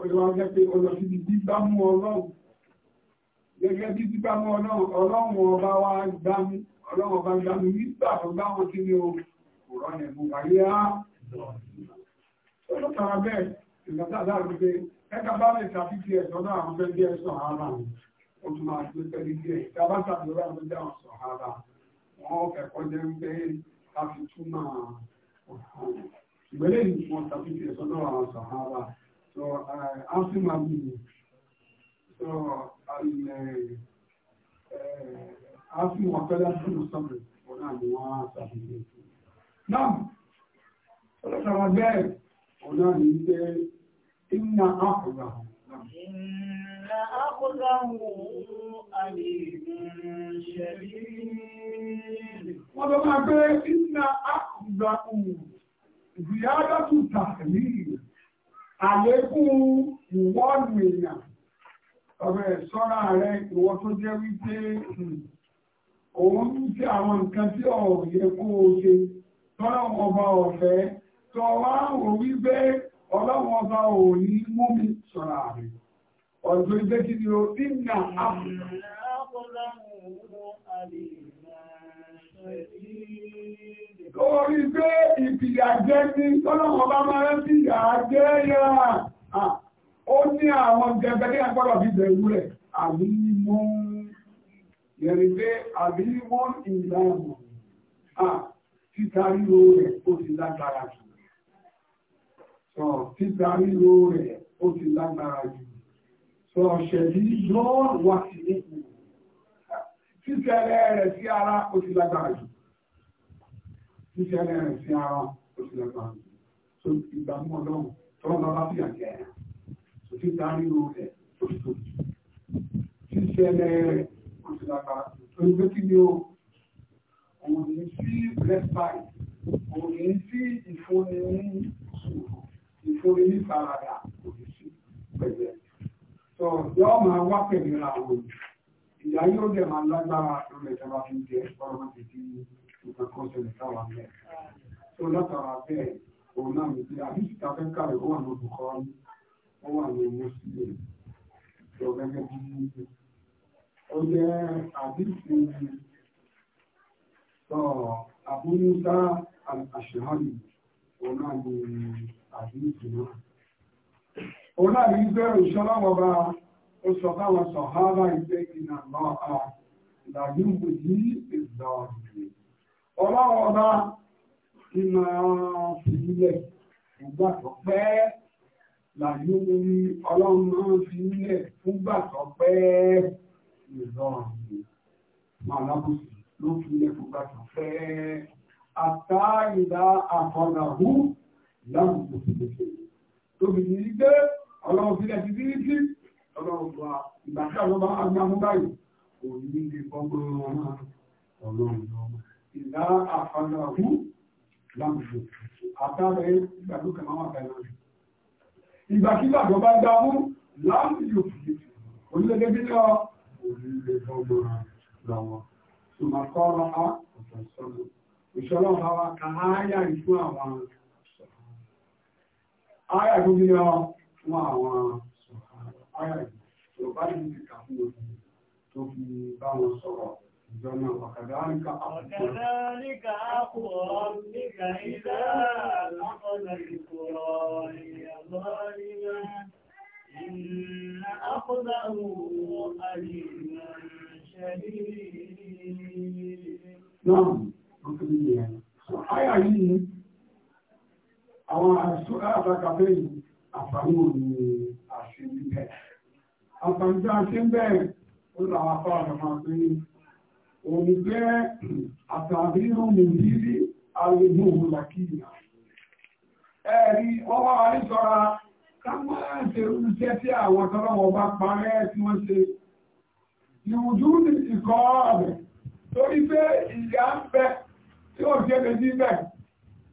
olùwà jẹ́ pé olùsíbi gbígbá mú ọlọ́run. Gẹ́gẹ́ bí gbígbá mú ọlọ́run ọba wá gbámú, ọlọ́run ọba gbámú nígbà tó gbá wọn tí ní òrọ̀ ní ẹ̀mú wáyé á. Olùtara bẹ́ẹ̀, ìgbàtà dáàrú pé ẹka bá lè tàbí ti ẹ̀sọ́ náà àwọn fẹ́ bí ẹ̀sọ́ àárà ojú máa gbé pẹ́lú díẹ̀ ìta bá ṣàdúrà ló jẹ́ àwọn sọ̀hárà wọn kẹ́kọ̀ọ́ jẹ́ ń pé ká fi túmọ̀ ọ̀hún ìgbẹ́lẹ̀ yìí wọn tàbí ti sọ́dọ̀ àwọn sọ̀hárà so áfíríkà mi so áfíríkà wọn fẹ́lẹ́ fún ìsọ̀rọ̀ wọn náà ni wọ́n tàbí ti sọ́dọ̀. náà ọlọ́sàrà bẹ́ẹ̀ ọ̀nà ní pé ìnà àkùrà hàn. إن أخذه أليم شديد ولما قال إن أخذه زيادة تحليل عليكم وان مليان ọ̀rọ̀ rẹ̀ ìwọ tó jẹ́ wípé hmm, òun tí àwọn nǹkan tí ọ̀rọ̀ yẹ kó o ṣe tọ́lọ́ ọba ọ̀fẹ́ àwọn wípé ọlọ́wọ́ ọba ò ní mú mi sọ̀rọ̀ àrẹ ọ̀dọ̀ ilé kí ni ó ní nà áfùnà lórí pé ìpìyà jẹ́ ní ọlọ́wọ́ ọba máa ń fìyà jẹ́ yà ó ní àwọn gẹ̀gẹ̀ ní agbọ́dọ̀ fi bẹ̀rù rẹ̀ àbí mú yẹ̀rì pé àbí wọ́n ìlànà títà ríro sọ títa ríro rẹ̀ ó ti lágbára jù sọ ṣẹ̀lí yóò wà sí nípò títẹ̀lẹ̀ rẹ̀ sí ara ó ti lágbára jù títẹ̀lẹ̀ rẹ̀ sí ara ó ti lágbára jù so ìgbàmú ọlọ́run tọ́lọ́ bá fi àjẹ́ ẹ̀ so títa ríro rẹ̀ ó ti tóbi títẹ̀lẹ̀ rẹ̀ ó ti lágbára jù torí pé kí ni ó òun ní sí respite òun ní sí ìfúnni ní sùúrù ìfúnni ní faradà kò ní sí pẹ̀lú ẹ̀. sọ yọọ máa wá pẹ̀lú àwọn òbí ìyá yóò dẹ̀ máa lágbára rẹ̀ tí a bá fi jẹ ọ̀rọ̀ máa ti di nǹkan kan ṣẹlẹ̀ sáwà mẹ́. tó látara bẹ́ẹ̀ òun náà mi ti àbísí ta fẹ́ kàwé ó wà ní olùkọ́ ó wà ní owó sílẹ̀ tó gẹ́gẹ́ bí ó jẹ́ àbísí sọ àbúrúsá àṣehánì òun náà ni àti ìjìnà. Òun náà ní pé òṣèlọ́wọ́ bá ó sọ fáwọn sọ̀hábà ìgbé ìnà náà ìlàjú kò ní ìgbà ọ̀dùnmí. Ọlọ́wọ́ ọba ti máa fi ilẹ̀ ìgbà tó pẹ́ làjú ní ọlọ́run máa fi ilẹ̀ fúngbà tó láwùjọ kò tó ṣe tóbi ní gbé ọlọ́run fi lẹ́sí bí kí ọlọ́run fa ìgbà tí àwọn agbámú báyìí kò ní lè gbọ́ngbọ́n wọn ọlọ́run lọ́wọ́ ìlà àfàlàhù láwùjọ àtàrẹ ìgbàlókè máa wà bẹ̀rẹ̀ rẹ̀ ìgbàkígbà tó bá gbà mú láwùjọ kò tó ṣe onílẹ̀ bí lọ onílẹ̀ gbọ́ngbọ́n lọ́wọ́ tòmàkọ́ ọ̀rọ̀ ha ọ̀tọ̀ ìṣọ́lọ́ ìṣọ́lọ́ Ara tó bí ọ fún àwọn ara ìlú bá ní ìkà fún ojú tó fi bá wọn sọ̀rọ̀ ìjọ náà ọ̀kadà áríkà Náà, ọkùnrin yẹn. Àyà yìí àwọn àṣúra àtàkàfẹ́ yìí àfààní òní àṣẹ níbẹ̀. àfààní tí a ṣe ń bẹ́ẹ̀ ó lọ àwọn afọ àgbàmọ́ pé òní jẹ́ àtàbí òní rírí àlejò òun làkìyà. ẹ̀rí wọ́n wá wá ní sọ́ra ká máa ṣe irúṣẹ́ tí àwọn tọ́lọ́wọ́ bá parẹ́ tí wọ́n ṣe. ìwùjú ní ìkọ́ ọ̀rẹ́ torí pé ìyá ń bẹ tí ó ṣe lè dí bẹ́ẹ̀.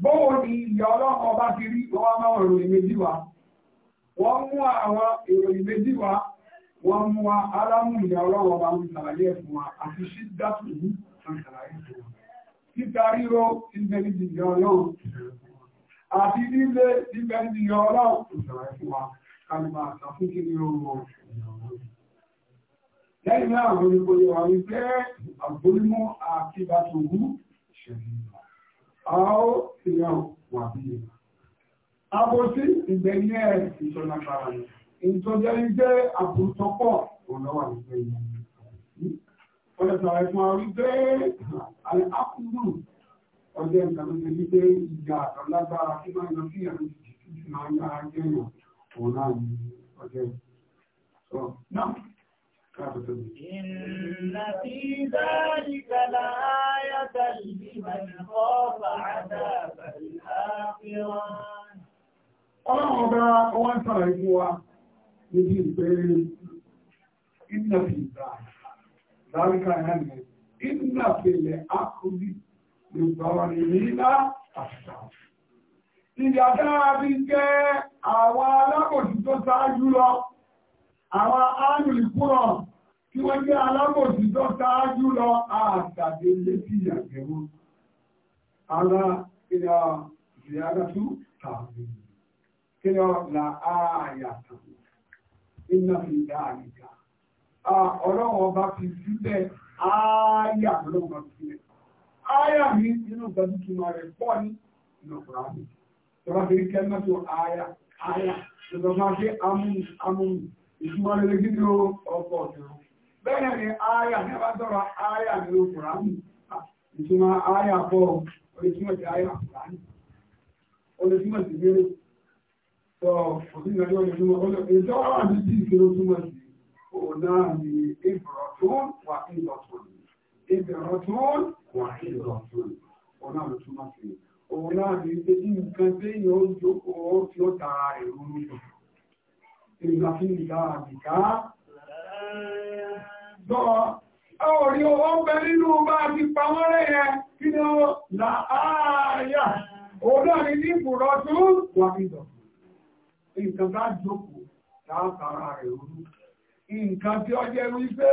bóò ní ìyà ọlọ́run ọba ti rí wọ́n máa ròyìn méjì wá wọ́n mú àwọn ìròyìn méjì wá wọ́n mú wa alámù ìyà ọlọ́run ọba ń sàlàyé fún wa àti ṣídàtù ní sàlàyé fún wa títa ríro ìgbẹ̀lìjì ìyà ọlọ́run àti líle ìgbẹ̀lìjì ìyà ọlọ́run sàlàyé fún wa kálùmá àtàfúnkì ní ọrùn lẹ́yìn náà a ó ti yàn wà bí i. Abosí ìgbẹ̀yìn ẹ̀ ìṣọ̀nà kàrà ní. Ìjọjẹ́ jẹ́ àbùtọ́pọ̀ ọ̀lọ́wà ìgbẹ̀yìn. Wọ́n lè sọ̀rọ̀ fún wa wípé àlẹ́ ápùlù ọjọ́ nǹkan tó ṣe wípé ìjà àtọ̀lágbára tí máa ń lọ sí àwọn ìdí tí máa ń gbára jẹ́yàn òun náà ọjọ́ ìgbẹ̀yìn. إن في ذلك لآية لمن خاف عذاب الآخرة Ọlọ́run ọba ọwọ́n sára ikú wa níbi ìgbèrè ìnàfi ìdáríkà ẹ̀mẹ̀ ìnàfẹ̀lẹ̀ ákùnrí ìgbàwọ̀n ìrìnlá àṣà. Ìyàtà àbí jẹ́ àwọn alábòjútó sáájú lọ àwọn alùpùrọ̀ tí wọ́n jẹ́ alábòsí tó káájú lọ àtàdé létí àgbẹ̀wò ara ìyá ìyáratú tàbí kíyọ là áyàtà iná fi dáadìka ọlọ́wọ́ bá fi sílẹ̀ áyà lọ́wọ́ sílẹ̀ áyà ní inú gbajúmọ̀ rẹ̀ pọ̀ ní inú kùránì tọ́lá fi rí kẹ́lẹ́mọ́tò áyà áyà tọ́lá fi amúnú amúnú ìtumọ̀ lórí nínú ọkọ̀ ọ̀tún bẹ́ẹ̀ ni aya ní bá sọ̀rọ̀ aya ní okùnránì ìtumọ̀ aya pọ̀ olùtumọ̀ sí aya okùnránì olùtumọ̀ sí mẹ́rin sọ òfin ìrìnàjò olùtumọ̀ ìjọ wà ní bí ìṣòro túmọ̀ sí òun náà ni ìbọ̀rọ̀ tó wà ìlọ̀tún ìbọ̀rọ̀ tó wà ìlọ̀tún òun náà ló túmọ̀ sí òun náà ni pé nǹkan tí yóò jókòó tí ó tara ìrúnú jù ìrìnà fi nìka àbìká gbọ́ ọ̀rí owó ń bẹ nínú bá ti pamọ́ rẹ̀yẹ kí ni ó là ááyà òun ní ní ìpùrọ̀ tó wà nídọ̀ nǹkan bá jókòó látara rẹ̀ orú nǹkan tí ó jẹ́ wípé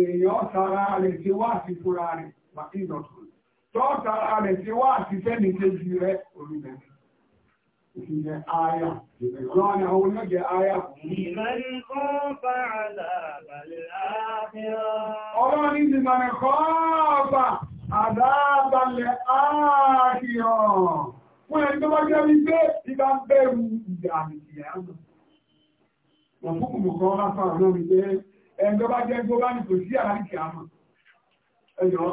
èèyàn tara rẹ̀ ti wá sí fúra rẹ̀ wà nídọ̀ tó tọ́ rẹ̀ ti wá sí fẹ́ni kejì rẹ̀ orí Ìpínlẹ̀ Aya. Lọ́wọ́ ni àwọn olóògbé Aya. Ìmọ̀rin kọ́ bá àdàbàlẹ̀ àfíà. Ọlọ́run ní ìmọ̀rin kọ́ bá àdàbàlẹ̀ àfíà. Fún ẹni tó bá jẹ́ wípé ìbá bẹ̀rù ìyà àmìyà. Wọ́n fún kùnkọ́ ráfà lórí pé ẹni tó bá jẹ́ gbóbá ní kò sí àríkì àmà. Ẹjọ́,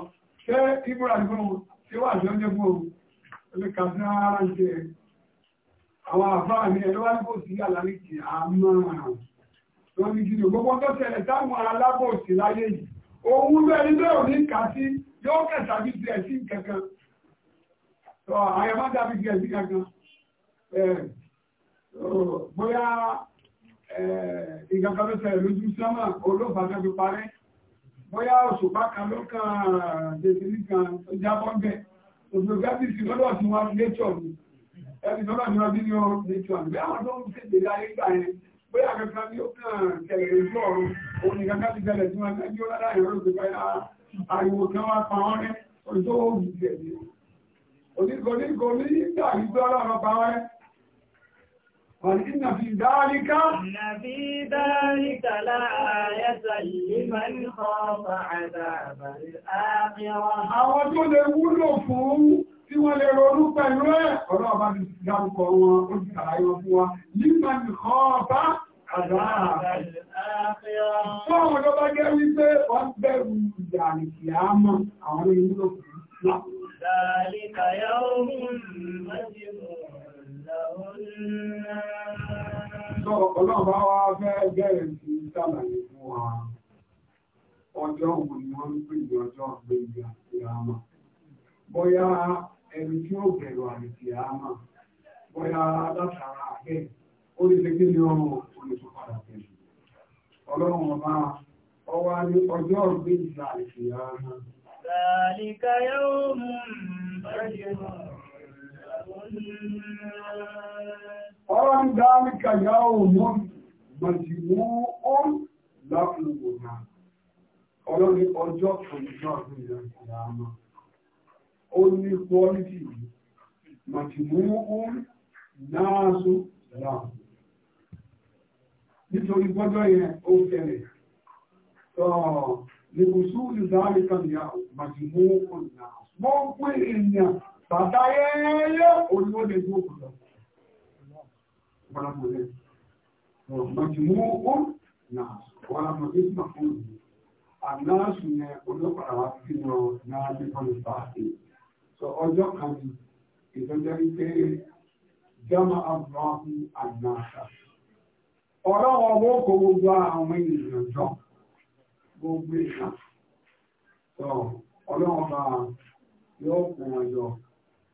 ṣé ìmúra ìgbóhùn tí wà jẹ́ ọjọ́ gbóhùn? Ẹni kàdínà ara ń ṣe ẹ̀kọ́ àwọn àfáà ní ẹlọ́wàgbò sí àlàríkì àmàràn wọ́n ní jíjò gbogbo tó tẹ̀lẹ̀ táwọn alábòsí láyé yìí òun bẹ́ẹ̀ ní bẹ́ẹ̀ òní kà sí yóò kẹta bí ti ẹ̀sí kankan tó àyẹ̀ má dàbí ti ẹ̀sí kankan bóyá ìgbàkan ló tẹ̀lẹ̀ lójú sánmà olófà kan fi parẹ́ bóyá òṣùpá kan ló kàn án jẹ́sí nìkan jábọ́ ń bẹ̀ òṣùpá kan lọ́dọ̀ tí wọ́n lé ẹni tó bá ní ọdún ní ọdún ní tí wọn bí àwọn tó ń tètè láyé gbà yẹn pé àkẹ́kọ̀ọ́ ní ó kàn tẹ̀lẹ̀ ojú ọ̀run òun nìkan ká ti tẹ̀lẹ̀ tí wọn ká jí ó lára ìrọ̀ òṣèlú pé ariwo kan wá pa wọn rẹ orí tó wọ́n jù ní. oníkò oníkò ní ìgbà ìgbà ọlọ́run pa wọn rẹ. Wàlí ìnà fi dáríká. Ìnà fi dáríká láàáyẹ́sà yìí máa ń tí wọ́n lè ronú pẹ̀lú ẹ̀ ọ̀rọ̀ ọba ti dárúkọ wọn ó ti wa nígbà tí ọba àdá fún wá fẹ́ gẹ́rẹ̀ sí sàlàyé fún wa. Ọjọ́ òun ni wọ́n ń pè ní ọjọ́ ọ̀gbẹ́ ìgbà ìrámà. Bóyá ẹni tí ó bẹ̀rù àrètí àmà bóyá látara abẹ́ ó lè fi kíni ọrùn òní tó padà bẹ̀rù ọlọ́run ọba ọwá ní ọjọ́ ìgbé ìgbà àrètí àmà. Zàlìkà yóò mú Ọ̀rọ̀ ń dá ní kàyà òun mọ̀jìmú ó lápùwò náà. Ọlọ́rin ọjọ́ kan ìjọ́ àdúgbò ìrìnàmọ́ ó ní quality yìí màtìmúhún náàṣù láàmù nítorí gbọ́jọ́ yẹn ó fẹ́rẹ̀ lèkùsù ìzáàrí kan ní màtìmúhún náàṣù mọ́ pé èèyàn bàtà yẹ́yẹ́ olóòdè tó kù lọ màtìmúhún náàṣù wọ́n á mọ̀ nípa fún ìlú àdáṣù yẹn olóòpàá wá sínú náà nípa nípa èèyàn sọ ọjọ́ kan ní ìtọ́jọ́ wípé jama abrahu anasa ọlọ́wọ́ owó kò gbogbo àwọn ènìyàn jọ gbogbo ìṣà sọ ọlọ́wọ́ bá yóò kún wọn jọ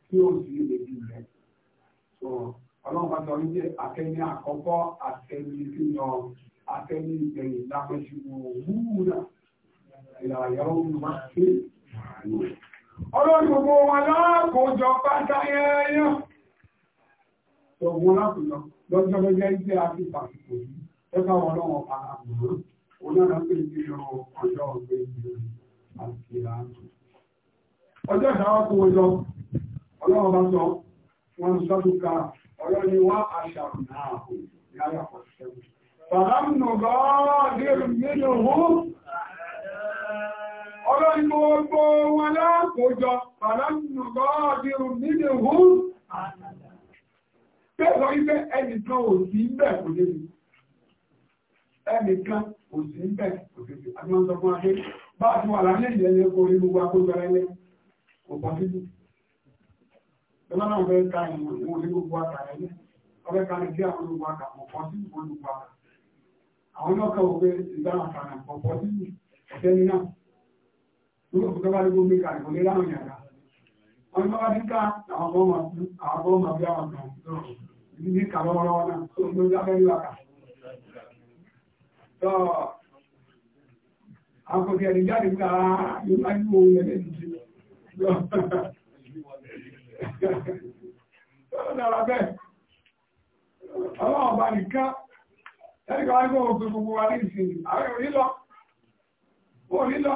tí ó sì lè jù rẹ̀ sọ ọlọ́wọ́ bá sọ wípé àtẹni àkọ́kọ́ àtẹni tí yọ ìgbẹ̀yìn lápẹ́ṣù wúwúrà ìlàyà òun máa ṣe àárín ọlọ́run gbogbo wọn láàkójọ pátá yẹ́yẹ́ ọgbọ́n lápùlọ lọ́jọ́ lọ́jọ́ ìgbé àti pàtàkì ẹgbà wọn lọ́wọ́ para mọ́ onára pé kí lọ ọjọ́ ọgbẹ́ ìlú àti ààtò ọjọ́ ìdáwọ́ tó wọjọ́ ọlọ́run bá sọ wọn sọ́tùkà ọlọ́run wá àṣà náà ní àyàfọ̀ sẹ́wọ̀n Ọlọ́run gbogbo wọn láàkójọ, pàdánùgbọ́ ọdírùn nínú hù. Pẹ́sọ ibẹ́ ẹnìkan ò sí bẹ̀ kò lè rí. Ẹnìkan ò sí bẹ̀ kò lè rí. Àbí wọ́n sọ fún Adé, bá a ti wà láàrin ìyẹn kò rí gbogbo akójọ ẹlẹ́. Kò bọ́ síbi. Ìjọba náà fẹ́ ka ìwọ̀n ìwọ̀n ní gbogbo àkàrà ẹlẹ́. Ọbẹ̀ kan àwọn olùgbò àkàkọ̀ pọ̀ náà kọ̀ wọ́pẹ́ ìgbà àkàrà náà. Àwọn kòkè ẹ̀rìn jáde gbà nípa ní ohun ẹ̀lẹ́ ìdí. Lọ́nà ara bẹ́ẹ̀. Ọlọ́ọ̀bá nìkan, ẹ̀ríkà wáyé gbọ́ òkú gbogbo wa ní ìsìn, àwọn ìrìn lọ, ó rí lọ.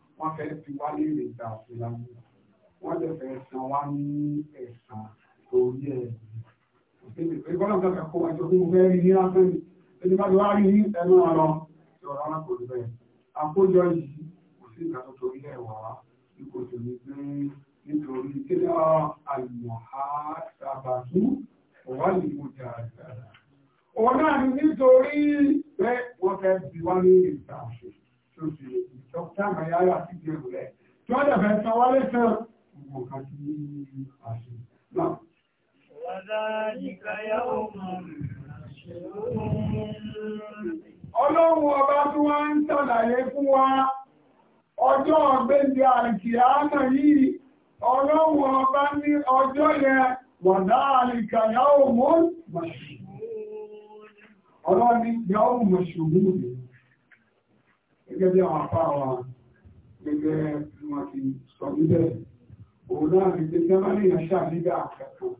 wọ́n fẹ́ fi wá ní ìrètà ìlànà wọ́n lè fẹ́ san wá ní ẹ̀sán orí ẹ̀ ìgbọ́nà kan kẹ́kọ̀ọ́ àjọ pé mo fẹ́ rí ní lásán ni ẹni bá ti wá rí ní ẹnu ọ̀rọ̀ ìrọ̀rọ̀ náà kò rí bẹ́ẹ̀ àkójọ yìí kò sí ìgbà tó torí ẹ̀ wá bí kò sì ní pé nítorí kí ni àlùmọ̀ á sábàtú ọ̀wá ní ìmújà àgbà. òun náà ni nítorí pé wọ́n fẹ́ bí wá ní ìta àṣẹ tó fi dókítà mayara sí ilé rẹ̀ tí wọ́n dẹ̀fẹ́ san wálé san gbogbo nǹkan tí àṣẹ náà. Ọlọ́run ọba tí wọ́n ń ṣàlàyé fún wa ọjọ́ ọ̀gbẹ́ndì àìkìyàmà yìí ọlọ́run ọba ní ọjọ́ yẹn wọ̀dá àìkàyà òmùn mọ̀ṣùgbùn. Ọlọ́run ni yàwó mọ̀ṣùgbùn nìyàn gẹ́gẹ́ bí àwọn apá wa gẹ́gẹ́ bí wọ́n ti sọ níbẹ̀ òun náà ní pé tí wọ́n bá ní ìyàn ṣàfihàn àkẹ́kọ̀ọ́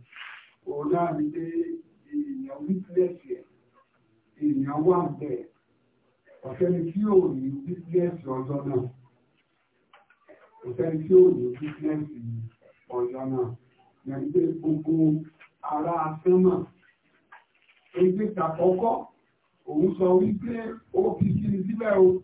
òun náà ní pé èèyàn wípílẹ̀sì ẹ̀ èèyàn wà bẹ́ẹ̀ ọ̀fẹ́ni tí ò ní wípílẹ̀sì ọjọ́ náà ọ̀fẹ́ni tí ò ní wípílẹ̀sì ọjọ́ náà yẹn pé gbogbo ara sẹ́mà ẹgbẹ́ tàkọ́kọ́ òun sọ wípé ó fi kiri síbẹ̀ o.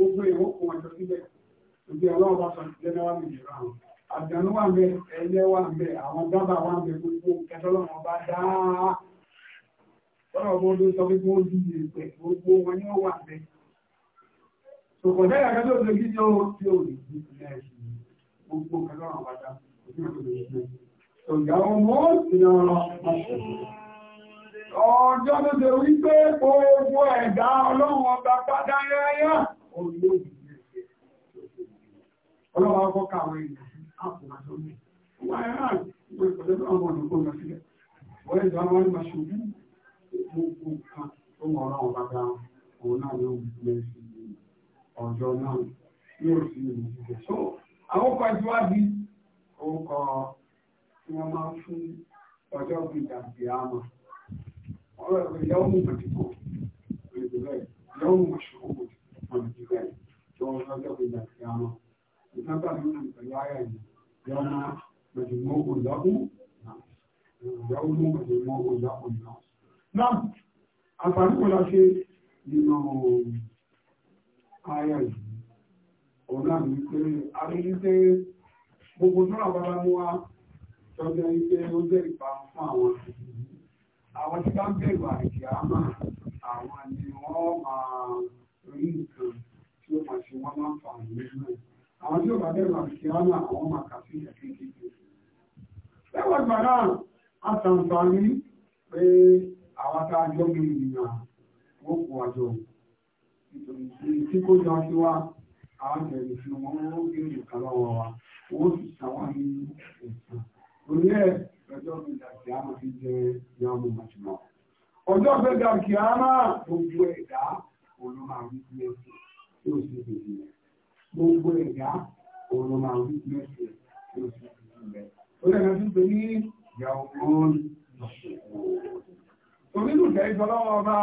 gbogbo èèwọ̀ kò wọ́n jọ sílẹ̀ ìdí ọlọ́run bá sọ ìdílé wọn àdánù wà ń ẹlẹ́ wà ń àwọn dábàá wà ń gbogbo kẹtọ́lọ́run ọba dáa tọ́lọ̀ bó ló sọ wípé ó yíye pẹ̀ gbogbo wọn ni wà ń ṣòkò tẹ́lẹ̀ akẹ́kọ̀ọ́ tó kí ló tí ò lè di ìpínlẹ̀ gbogbo kẹtọ́lọ́run ọba dáa òfin àti òfin ìpínlẹ̀ ṣòyàwó mọ́ ìyọ̀rọ̀ ọjọ́ tó ṣe wípé gbogbo ẹ̀dá ọlọ́run ọba pádà yáyá olóògùn ẹ̀ṣẹ̀ ọlọ́wọ́ akọ́kọ́ àwọn ènìyàn sí àpò àtọ́mí wọ́n ẹ̀rọ àwọn ìpàdé ọmọ ọ̀nà kó lọ sílẹ̀ wọ́n ẹ̀dọ́ àwọn ọmọ ṣubú gbogbo kan tó mọ̀ ọ́nà ọ̀bá bá òun náà ló ń gbé sí ọjọ́ náà yóò sí ìlú jíjẹ so àwọn kan tí wàá di orúkọ tí wọ́n máa ń fún ọjọ́ gbìyànjú àti àmọ́ ọ̀rọ̀ ìyàwó mú pàtìkù ìyàwó mú ṣòwò pàtìkù. Nàìjíríà tó ń lọ́jọ́ ìgbà tí a mọ̀. Ìtàgbà ní ìpẹ̀lú ara ẹ̀ yọ máa mẹ̀jìmọ́ òlọ́kùn náà. Ìyàwó mú mẹ̀jìmọ́ òlọ́kùn náà. Náà, àǹfààní kò lọ ṣe nínú ara yìí. Òun rí nǹkan tí ó máa ṣe wọ́n láǹfààní nínú ẹ̀ àwọn tí ó bá bẹ̀rù àti àmà àwọn máa kà sí ìyà kéékèèké lẹ́wọ̀ ìgbà náà a ṣàǹfààní pé àwọn tá a jọ mi ènìyàn wọ́n kó àjọ tí kò jọ sí wa àwọn fi wọ́n gbé lọ́wọ́ wa wọ́n sì ṣàwọn ní ẹ̀sán ẹ̀ fi wíkínẹ́sì tí ó sì bèbè rẹ̀. Gbogbo ẹ̀dá òun ló máa wíkínẹ́sì tí ó sì bèbè rẹ̀. Ó lẹ́nu tí ń pè ní ìyàwó kan lọ́sọ̀kọ̀. Torí lù ìjọlọ́wọ́ ọba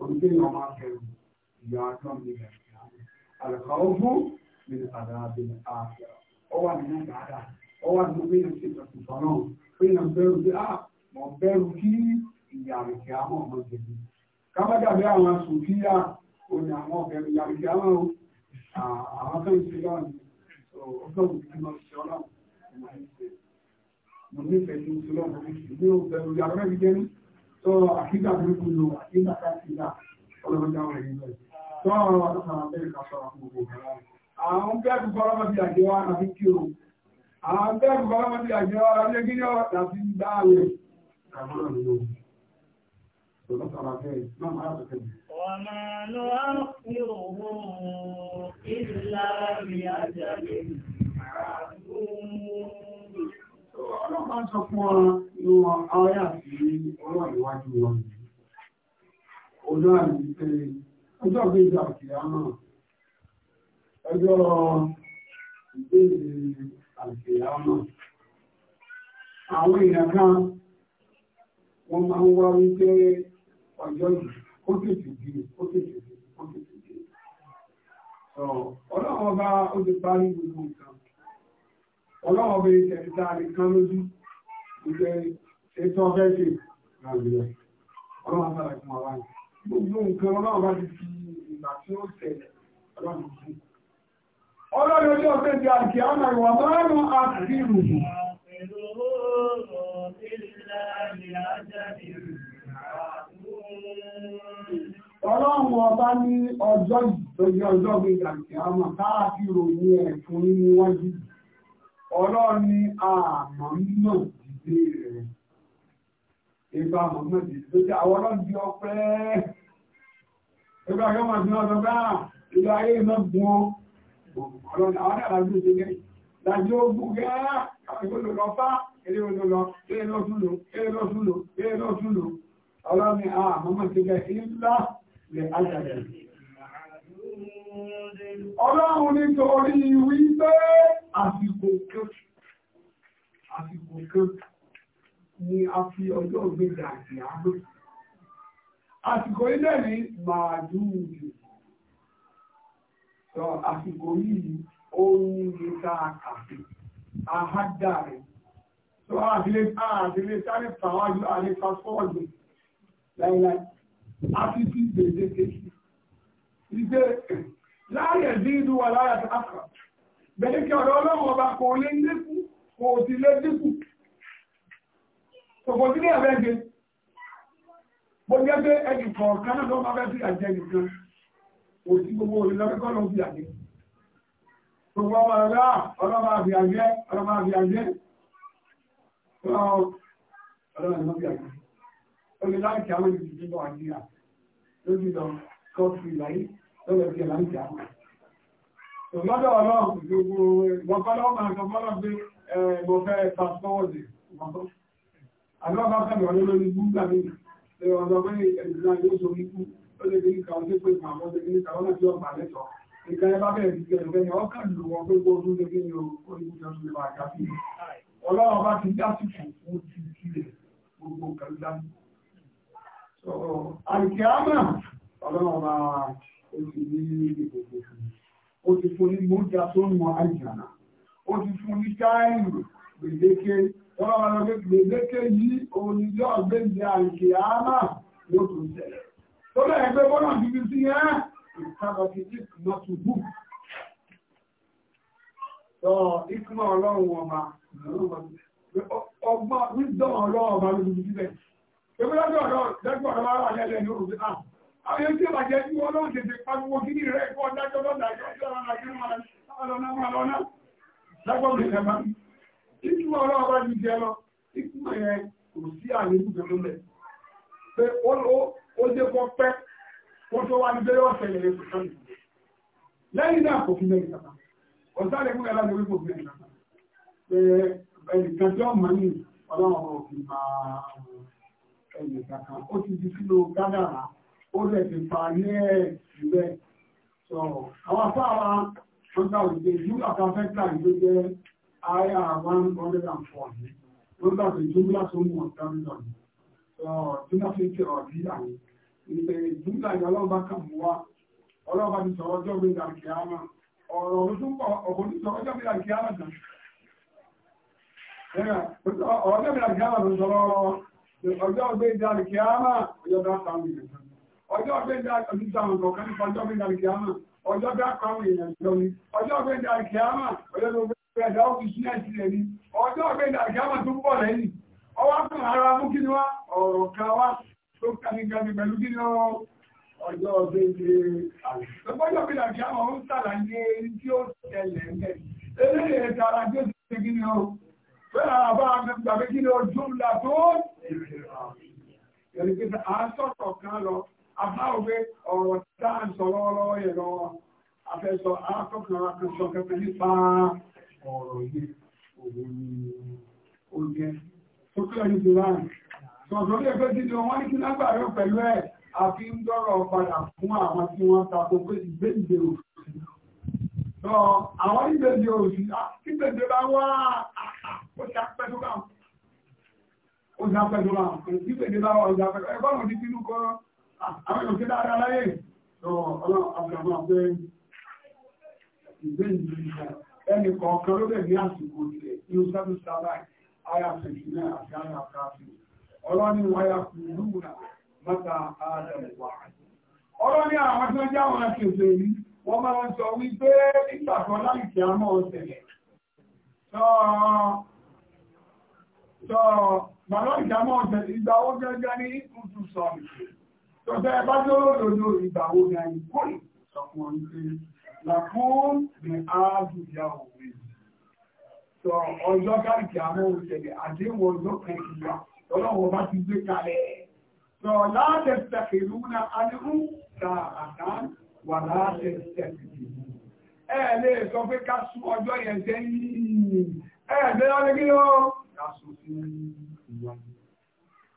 olùgbé ìwọ̀n máa bẹ̀rù ọjọ́ mi rẹ̀. Àlùkò lórí àwọn ẹ̀rí jẹ́ ní tó àkídà burúkú lo àkídà káàkiri ọlọ́mọdé àwọn ẹ̀rí lọ tó àwọn ọlọ́pàá bẹ́ẹ̀ ká sọ̀rọ̀ fún gbogbo àwọn bẹ́ẹ̀kù kọ́lọ́mọdé àjẹwà àti kí o àwọn bẹ́ẹ̀kù kọ́lọ́mọdé àjẹwà àti kí ọlọ́pàá sọ fún wọn ní wọn ayá sí ọlọ́run iwájú wọn ọjọ́ àmì pé ọjọ́ gbéjà kìá náà ọjọ́ ìbéèrè àkìá náà àwọn èèyàn kan wọ́n máa ń wá wípé ọjọ́ yìí ó tètè di ó tètè di ó tètè di ọlọ́run ọba ó ti parí gbogbo nǹkan ọlọ́wọ́ bí tẹ̀síta nìkan lójú ìgbẹ́ ètò ọ̀fẹ́ sí àgbẹ̀rẹ̀ ọlọ́wọ́ sára fún wa wáyé gbogbo nǹkan ọlọ́wọ́ bá ti fi ìgbà tí ó tẹ̀lẹ̀ ọlọ́wọ́ sí ọlọ́wọ́ ojú ọ̀fẹ́ di àti àmà ìwà márùn-ún àti ìrùbù Ọlọ́run ọba ní ọjọ́ ìjọjọ́ ọjọ́ gbígbà tí a mọ̀ táà fi ròyìn ẹ̀ fún níwájú yìí ọlọ́run ni àmọ́ nínú ìdílé rẹ̀ ìgbà àmọ́ nínú ìdílé tó jẹ́ àwọn ọlọ́run di ọpẹ́ ìgbà àgbà máa fi náà sọ bá ilé ayé náà gun ọlọ́run àwọn àdàlà ló ṣe lẹ́yìn láti ó gún gẹ́rà àfikún ló lọ bá eré Ọlọ́run nítorí wípé àsìkò kan, àsìkò kan ni a fi ọjọ́ gbéga àti àgbé. Àsìkò ilẹ̀ ní màájúùdì. Sọ àsìkò yìí ó ní ìta àkàfẹ́, àhádà rẹ̀. Sọ àdílé sáré pàwájú àrífà fọ́ọ̀lù láìláì. A fi fi gbèdéke sí. Ibé láyẹ̀ dídú wà láyà tó àkà bẹ̀rẹ̀ kí ọ̀rọ̀ ọlọ́run ọba kò lè dínkù kò sì lè dínkù kò sí ní àbẹ́gbẹ́ bó jẹ́ pé ẹni kọ̀ọ̀kan náà lọ́wọ́ bá fi àjẹ nìkan kò sí gbogbo òní lọ́kẹ́kọ́ ló fi àjẹ gbogbo ọmọ rẹ̀ ọlọ́mọ àfi àjẹ ọlọ́mọ àfi àjẹ ọlọ́mọ àfi àjẹ ó lè láìkí àwọn ìdíjẹ́ bọ̀ àjíyà lójú lọ kọ́ fi láyé lọ́wọ́ ti máa ń jà. Tòlọ́dọ̀ ọlọ́run gbogbo ìwọ̀kọ́lọ́ máa sọ fọ́lọ́ pé mo fẹ́ fast forward ìwọ̀kọ́. Àlọ́ bá fẹ́ lọ lórí ibú gbà mí. Ṣé ọ̀dọ́ pé ẹ̀dùnà yóò so ikú ó lè ní ìkàwọ́ sí pé màá mọ́ ní ìkàwọ́ náà tí ó bà lẹ́tọ̀. Ìkà ẹ bá bẹ̀rẹ̀ sí kẹrẹ̀ fẹ́ ni ọ kàn lù wọn pé kó tún lè ní oríkú tó tún lè máa já sí. Ọlọ́run bá ti já sí kù ó ti kílẹ̀ gbogbo nǹkan dání. Àìkè ó ti ní níbi gbogbo fún mi ó ti fún ní múdà tó ń mọ àìjànà ó ti fún ní táìmù gbèdéke tọ́lọ́wọ́ lọ pé gbèdéke yìí oníjọ́ gbèdé àìkè àmà yóò tó ń tẹ̀lé tó bẹ̀rẹ̀ pé bọ́nà bíbí sí yẹn ìtàbà ti ti kùnà tó bù sọ ìkùnà ọlọ́run ọba ọgbọ́n wíńdọ̀ ọlọ́run ọba ló ti bíbẹ̀. Ewé lọ́jọ́ ọ̀dọ́ Àwọn tí ó bàjẹ́ tí wọ́n lọ́n tètè pariwo gíní rẹ̀ kọ́ dájọ́ lọ́dà ìjọ́ Lẹ́yìn náà kò fi mẹ́rin kàtà, ọ̀sán ẹgbẹ́ ẹ̀lá ìwé kò fi mẹ́rin kàtà, ẹnìkan tí ó mọ̀ ní ọlọ́run ọ̀fìn máa ẹnìkan kan, ó ti di sínú gádàrà ó rẹ̀ ti fà ní ẹ̀ ìbẹ̀ sọ àwọn afáwa wọ́n one hundred and four yìí wọ́n gbà pé júmùlà tó mú ọ̀tá nínú ọ̀nà sọ júmùlà fi ń tẹ̀ ọ̀ bí àyè ìpè júmùlà ìyá ọlọ́ọ̀bá kà mú wa ọlọ́ọ̀bá ti sọ̀rọ̀ ọjọ́ gbé ìdàkẹ́ àmà ọ̀rọ̀ ọdún pọ̀ ọ̀pọ̀ ní sọ̀rọ̀ ọjọ́ gbé ìdàkẹ́ àmà kan ọjọ́ gbé ìdàkẹ́ àmà ló sọ̀rọ̀ ọjọ́ gbé ìdàkẹ́ àmà ọjọ́ dá sáà ọjọ́ gbẹ́ndà ìjọba àwọn ọ̀kan nípa ọjọ́ gbẹ́ndà ìkìámà ọjọ́ bí àkọwé èèyàn jọ ni ọjọ́ gbẹ́ndà ìkìámà ọjọ́ tó gbẹ́ndà ó fi sílẹ̀ sílẹ̀ ni ọjọ́ gbẹ́ndà ìkìámà tó ń bọ̀ lẹ́yìn ọwọ́ fún ara mú kí ni wá ọ̀rọ̀ kan wá tó kanigani pẹ̀lú kí ni ọjọ́ gbẹ́ndà àwọn ọjọ́ gbẹ́ndà ìkìámà sàlàyé tí ó tẹ̀lẹ̀ ńlẹ̀ eléyè tara tí ṣe kí ni ó fẹ́ràn àbá gbàgbé kí ni ó jùmlà tó ẹ̀rì pé àásọ̀rọ̀ kan lọ àbáwò pé ọ̀rọ̀ tá à ń sọ lọ́wọ́lọ́wọ́ yẹn lọ afẹ́sọ akọ́kàn akọ́sọ kẹfẹ́ nípa ọ̀rọ̀ yìí ni ó jẹ́ tó kílọ̀ ní ti láàrín sọ̀tọ̀ ní ẹgbẹ́ títí wọn ní kí lágbà rẹ̀ pẹ̀lú ẹ̀ àfi ń dọ́rọ̀ padà fún àwọn tí wọ́n tako pé ìgbéǹde òsì sọ àwọn ìgbéǹde òsì ah, ah, ah, ìgbéǹde bá wá ó ti apẹ́ tó bá ti apẹ́ àwọn èèyàn kí dáadáa láyé ẹni kọ̀ọ̀kan ló lè ní àsìkò ilẹ̀ tí ó sábì sábà àyà fẹ̀sì náà àti àyà káàkiri ọlọ́ni wáyà kùlúùnà mọ́ta àádọ́wà ọlọ́ni àwọn tí ó já wọn àti òṣèré yìí wọ́n máa ń sọ wípé nígbà kan láìsí àmọ́ ọ̀sẹ̀lẹ̀ sọ màlọ́ ìdámọ́ Ọjọ́ ẹbá tí ó lòdò ìgbà wo ni àyíkó ìsọ̀kùn ọ̀rí pé làkún ni ààbò ìyá òwe. Sọ ọjọ́ káàkiri àwọn òṣèlè àdéhùn ọjọ́ kan ti wà lọ́lọ́wọ́ bá ti gbé kalẹ̀. Sọ láti ṣẹ̀fẹ̀ ìlú náà aníhù ta àdán wà láti ṣẹ̀fẹ̀ ìlú. Ẹ lè sọ pé ká sún ọjọ́ yẹn sẹ́yìn. Ẹ bẹ́ẹ̀ lọ́lẹ́gí lọ́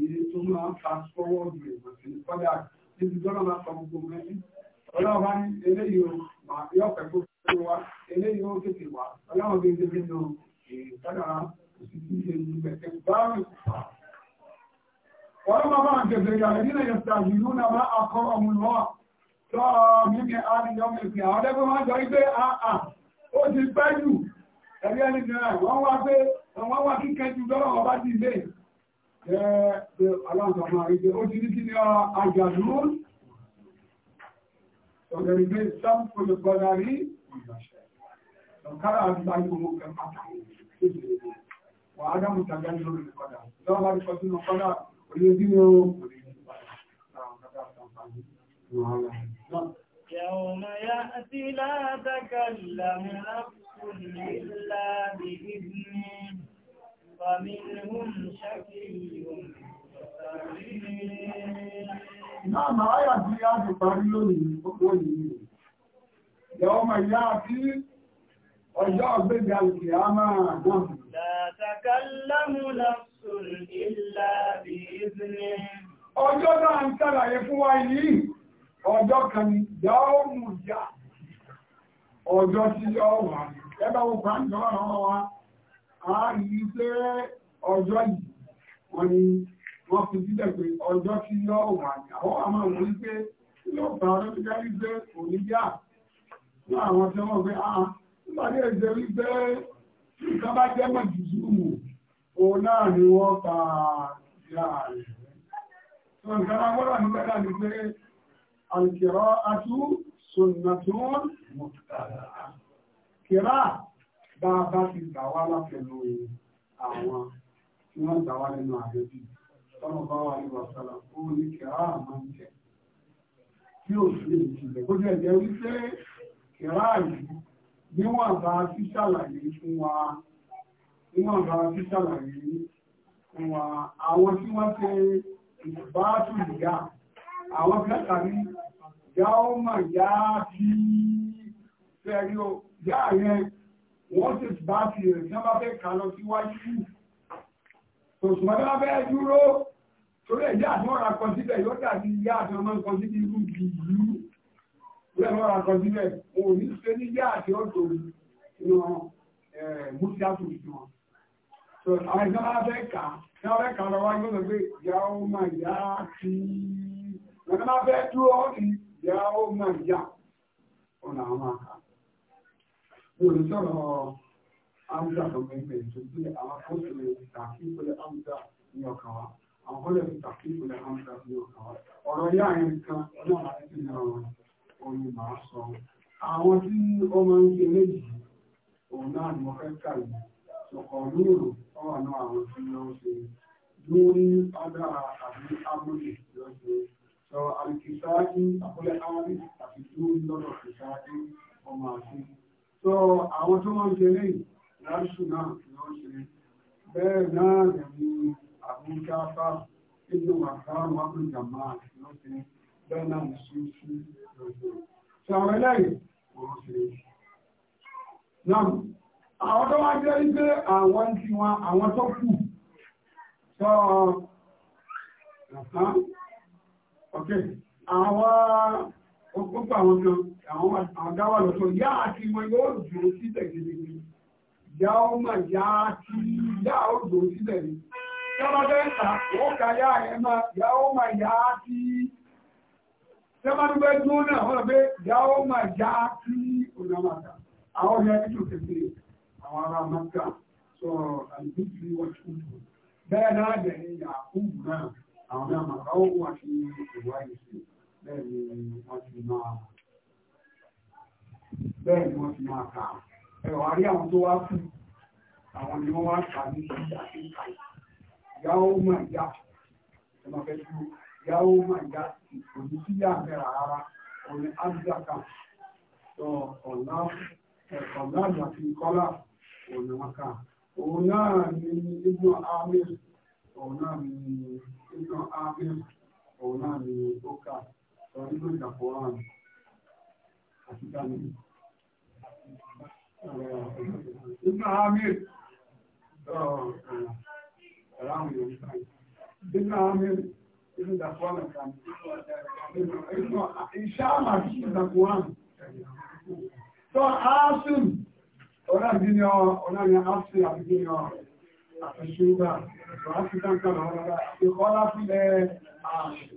sí tó máa ń fast forward rẹ̀ àti kọ́dà níbi gbọ́dọ̀ máa sọ gbogbo mẹ́rin ọlọ́run bá ní eléyìí o máa yọ ọ̀pẹ̀ kó fún wa eléyìí ó tètè wá ọlọ́run bí eléyìí náà èèyàn kọ́dà kò sí sí ṣe ní bẹ̀tẹ̀ báwọn ìfà. wọ́n máa bá àgbẹ̀bẹ̀ yàrá nílẹ̀ yẹn tàbí ìlú náà máa akọ́ ọmọ náà tọ́ mímí àdìyàn mẹ́fì àwọn ẹgbẹ́ máa jọ ibẹ̀ àà ó ti pẹ́ jù ẹ̀rí ẹni náà wọ́n wá pé wọ́n wá kíkẹ́ jù jẹ́ aláǹsàmà ó ti ní kí ní àjàdúró ọ̀gẹ̀rẹ̀ gbé rí ọ̀kára àgbà ìgbòho kẹfàtà wà يوم يأتي لا تكلم نفس إلا بإذنه فمنهم شكي Náà máa yà tí a ti parí lónìí gbogbo ìlú. Yọ́ ma yá tí ọjọ́ ọgbẹ́gbẹ́ alùkì a máa náà. Látàkàlámù lásùn ìlà bí ìzìnì. Ọjọ́ náà ń sàlàyé fún wa yìí, ọjọ́ kan ni yá mú yá. Ọjọ́ tí yọ́ wà. Ẹgbẹ́ a rí pé ọjọ́ yìí wọ́n ni wọ́n fi sílẹ̀ pé ọjọ́ tí yóò wà ní àwọn àmọ́ wọ́n ní pé yóò bá ọjọ́ tó járí pé kò ní bí à fún àwọn tí wọ́n pé ah nígbà tí èdè rí pé nǹkan bá jẹ́ mọ̀ jù zúùmù òun náà ni wọ́n pa ìyá rẹ̀. sọ nǹkan agbọ́dọ̀ nígbà náà ni pé àìkèrọ atú sùnnàtún mọ̀tàlá kìrá bá a bá ti gbà wá látẹnu àwọn tí wọ́n gbà wá lẹ́nu àrẹ́bí tọ́nà bá wà ní wàsálà ó ní kẹrà àmọ́ ń tẹ̀ tí ò sí èyí ti lẹ̀ kójú ẹ̀jẹ̀ wípé kẹrà yìí níwọ̀n bá ti ṣàlàyé fún wa níwọ̀n bá ti ṣàlàyé fún wa àwọn tí wọ́n ṣe ìbáàtù ìyá àwọn kẹta ní yàó mà yáa bí fẹ́rí o yáà yẹn wọ́n sì bá fi rẹ̀ tí wọ́n bá fẹ́ kà lọ síwájú tòṣùmọ́ tí wọ́n fẹ́ dúró torí ẹ̀yà àti wọ́n ra kan síbẹ̀ yóò dàbí ìyá àti ọmọ nǹkan síbi irú bí ìlú torí ẹ̀yà wọ́n ra kan síbẹ̀ wọn ò ní ṣe ní ìyá àti ọ̀tọ̀ inú mùsíà tó fi wọn. tó àwọn ìjọba bá fẹ́ kà tí wọ́n fẹ́ kà lọ wájú lọ pé ìyá ó mà yá sí i wọ́n bá fẹ́ dúró ìyá ó mà yá ọ̀nà àwọn àkà lórí sọ̀rọ̀ amúdà tó gbẹ̀gbẹ̀ tó gbé àwọn fóònù lè fi tàkì ìpele amúdà ní ọkàn wa àwọn fóònù lè fi tàkì ìpele ní ọkàn wa ọ̀rọ̀ yá yẹn kan ọlọ́run àti ìlànà omi màá sọ àwọn tí ó máa ń ṣe méjì òun náà ni mo fẹ́ kà yìí ọkọ̀ lóòrò ọwọ́ náà àwọn tí wọ́n ṣe lórí ọdá àbí amúlè lọ́sẹ̀ sọ àlùkìsáájú àpọ́lẹ̀ amúlè àti lórí lọ́dọ̀ so àwọn tó wọ́n ṣe lè láṣù náà lọ ṣe bẹ́ẹ̀ náà rẹ̀ ní àbújá fà nínú àfá mákùnjà máa lọ ṣe bẹ́ẹ̀ náà ní sí sí lọ ṣe so àwọn eléyìí wọ́n ṣe náà àwọn tó wá jẹ́ wípé àwọn tí wọn àwọn tó kù sọ àwọn gbogbo àwọn kan àwọn àgáwà lọ́tọ̀ yá àti wọn yóò dúró síbẹ̀ gidigidi yá ó mà yá àti yá ó dúró síbẹ̀ ni tẹ́bàtẹ́ta ó ka yá ẹ̀ máa yá ó mà yá àti tẹ́bàtẹ́gbẹ́ dúró náà wọ́n lọ pé yá ó mà yá àti ọ̀nà màkà àwọn ọ̀nà ẹni tó kékeré àwọn ará màkà sọ̀rọ̀ àìsí tí wọ́n ti kú bẹ́ẹ̀ náà dẹ̀ ní yà kú náà àwọn ọ̀nà màkà ó wà sí ìwádìí sí i bẹ́ẹ̀ ni wọ́n ti máa bẹ́ẹ̀ ni wọ́n ti máa kà á ẹ̀rọ àrí àwọn tó wá kú àwọn ni wọ́n wá kà ní ìjà sí ìka ìyáwó máa yá ẹ̀rọ fẹ́ ju ìyáwó máa yá òní sí yá mẹ́ra rárá òní ábíjáka sọ ọ̀la ọ̀la àti kọ́lá òní wọn kà òun náà ni inú amir òun náà ni inú amir òun náà ni ó kà nínú ìdàpọ̀ àrùn àti dàmì. Ibn Amir around your time. Ibn Amir nínú ìdàpọ̀ àrùn kan. Ìṣáàmà sí ìdàpọ̀ àrùn. So, Asim, ọ̀rẹ́ mi ni ọ̀rẹ́ mi Asim àti mi ni ọ̀rẹ́ àti ṣúgbà. So, Asim kan kan ọ̀rẹ́ ìkọ́lá fílẹ̀ àṣìkò.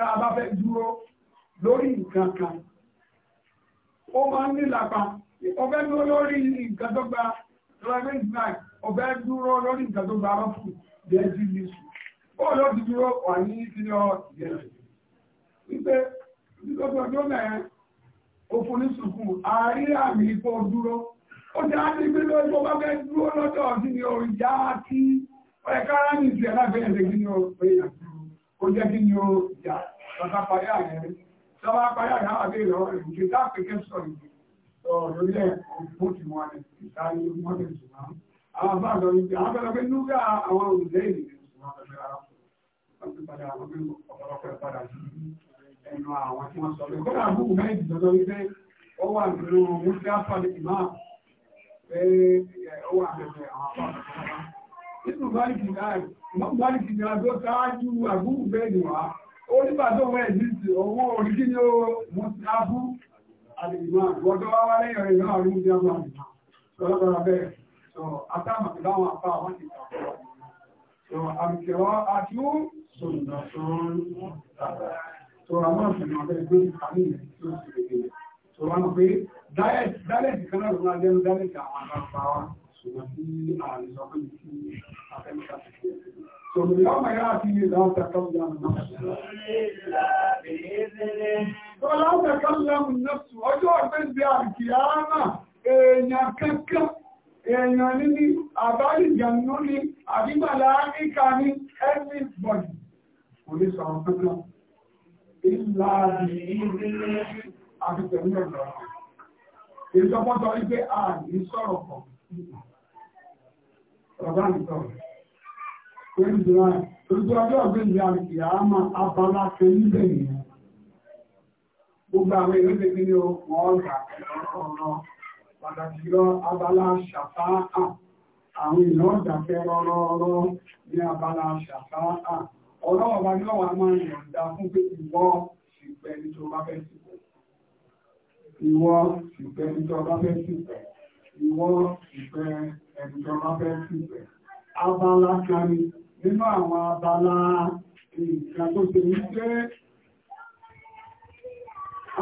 tá a bá fẹ́ dúró lórí nǹkan kan ó máa ń nílapa ọbẹ̀ dúró lórí nǹkan tó gba driving night ọbẹ̀ dúró lórí nǹkan tó gba rọ́pù dẹ́jú lẹ́sù ó ló ti dúró wà ní ìdílé ọ̀dẹ̀rẹ̀ wípé ọjọ́ mẹ́rin ní sùkùn àmì ipò dúró ó ti fẹ́ dúró ni já tí ó jẹ́ kí ni ó jà tọ́ta parí ààrẹ rí tọ́ba parí ààrẹ àwọn abẹ́rẹ́ ọ̀rọ̀ rẹ̀ nígbà tá pé kẹ́sọ̀ rẹ̀ lórí ẹ̀ òfin ti wọn rẹ̀ ìtàlẹ̀ mọ́tẹ̀ ṣùgbọ́n àwọn bá lọ ibi àwọn bẹ̀rẹ̀ pé núgà àwọn olùdẹ́ ìlẹ̀ wọ́n sọ pé nínú báyìí náà wọ́n báyìí náà tó ṣáájú àbúrò bẹ́ẹ̀ ni wá ó nígbà tó wọ́n ẹ̀dísì owó orí kí ni ó mú sí abú àlèmọ́ àgbọ̀dọ̀ wá wá lẹ́yìn rẹ̀ náà rí ní ọmọ àgbà lọ́lọ́dọ̀ bẹ́ẹ̀ sọ àtàmọ̀ láwọn apá wọn ti kàkọ́ wa sọ àbìkẹ́wọ́ àti ó sọ̀nà sọ̀rọ̀ sọ àwọn àfihàn bẹ́ẹ̀ gbé ìkàlẹ̀ yẹn tí ó sì rèé sọ wọn pé dálẹ́tì kan náà ló máa lẹ́nu dálẹ́tì àwọn àgbà ṣùgbọ́n tí ààrẹ sọ pé kí afẹ́mẹ́ta ti fi ẹ̀sẹ̀. Sọ̀rọ̀ ìyáwó yára fi ìlànà tẹ̀kọ́lá Sọ̀rọ̀ ìyáwó tẹ̀kọ́lá nọ́ọ̀sù ọjọ́ ọ̀gbẹ́gbẹ́ àrìkìyàmà èèyàn kankan èèyàn níní àbáyìjànú ni àbígbàlá níka ní everybody kò lè sọ̀rọ̀ kankan. Ìlàdì ìrìnlẹ̀ àti pẹ̀lú ẹ̀rọ. Èyí tọ́pọ́tọ́ wípé ààrẹ sọ̀rọ̀ kan bàbá mi sọ̀rọ̀ oúnjẹ náà ojú ọjọ́ ọ̀gbìn ìyá mi kì á máa abala ṣe níbẹ̀ nìyẹn gbogbo àwọn èèyàn lè ní wọ́n ọ̀gá ọ̀rọ̀ pàtàkì lọ abala ṣàfáà àwọn èèyàn ọ̀gá fẹ́ rọ́rọ́rọ́ ní abala ṣàfáà ọ̀rọ̀ ọba ní ọ̀wà máa ń yọ̀ǹda fún pé ìwọ ṣìpẹ́ ní tó ẹ̀jọba fẹ́ síbẹ̀. Abala kan ni nínú àwọn abala nǹkan tó ṣe ní pé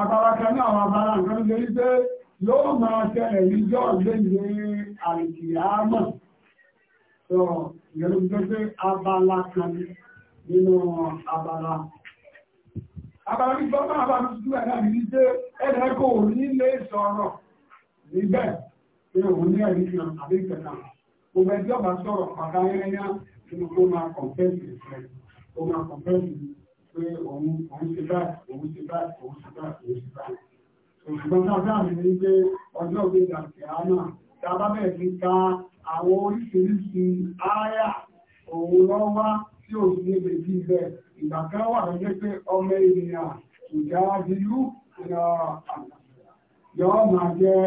abala kan ní àwọn abala nǹkan tó ṣe ní pé yóò máa ṣẹlẹ̀ níjọ́ léyìn àìkìyàmọ̀. Sọ ìyẹn tó ṣe abala kan nínú abala. Abala ní sọ́nà abala tó ṣe ní pé ẹ̀dẹ̀ẹ́kọ̀ ò ní lè sọ̀rọ̀ níbẹ̀ nínú òun ní ẹ̀rí kan àbí ìkẹta gbogbo ẹgbẹ́ ọba sọ̀rọ̀ pàtà yẹ́yá nínú kó máa kọ̀ǹfẹ́sì rẹ̀ ó máa kọ̀ǹfẹ́sì pé òun òun ṣe báyìí òun ṣe báyìí òun ṣe báyìí òun ṣe báyìí òṣùgbọ́n tá a dáa mi ní pé ọjọ́ òbí ìdàkẹ́ àánà tá a bá bẹ̀rẹ̀ sí ka àwọn oríṣiríṣi ááyà òun lọ wá tí ò sí níbi bí bẹ́ẹ̀ ìgbà kan wà lọ́jọ́ pé ọmọ ènìyàn ìjà adìyú ìyá àgbà yọ́ máa jẹ́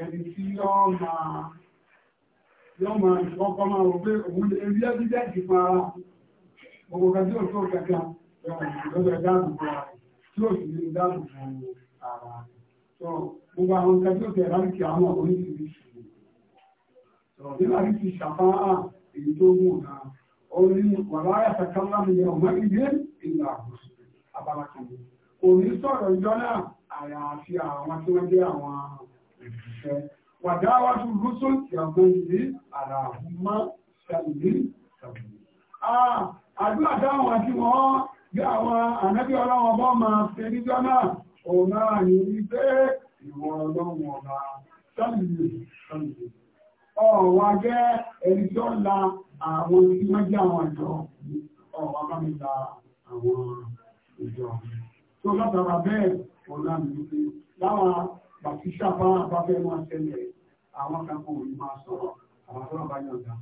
ẹni tí yọ́ máa yọ́ máa ìfọ́kọ́ máa rò pé òun lè rí ẹgbẹ́ ìpa gbogbo kan tí ó tó kẹta lọ́dọ̀ ìdáàbòbò ara tí ó sì lè dáàbòbò ara tó gbogbo àwọn nǹkan tí ó tẹ̀ láti kí àwọn oríṣiríṣi nígbà tí ti ṣàfáà èyí tó mú ọ̀nà orí wàláyà tàkàlá mi ọmọ ìdí ìlà àbára kan kò ní sọ̀rọ̀ ìjọ náà àyàfi àwọn tí wọ́n jẹ́ àwọn ìfẹ́ wàdáwàtú rúṣọ́ ìyàgbọ́ ìlú àràmá ṣàlùmí ṣàlùmí. àdúrà táwọn àti wọ́n bí àwọn ànábí ọlọ́wọ́ bọ́ máa ṣe níjọ́ náà òun náà ní wípé ìwọ ọlọ́wọ́ ọba ṣàlùmí ṣàlùmí. ọ̀wà jẹ́ ẹni tó la àwọn tí wọ́n jẹ́ àwọn ìjọ ọ̀wà bá mi la àwọn ìjọ. tó látara bẹ́ẹ̀ ọ̀la mi pé láwọn bàtíṣà bá bá fẹ́ máa ṣẹlẹ̀ àwọn kan kò ní máa sọ̀rọ̀ àwọn tó bá yọ̀ǹda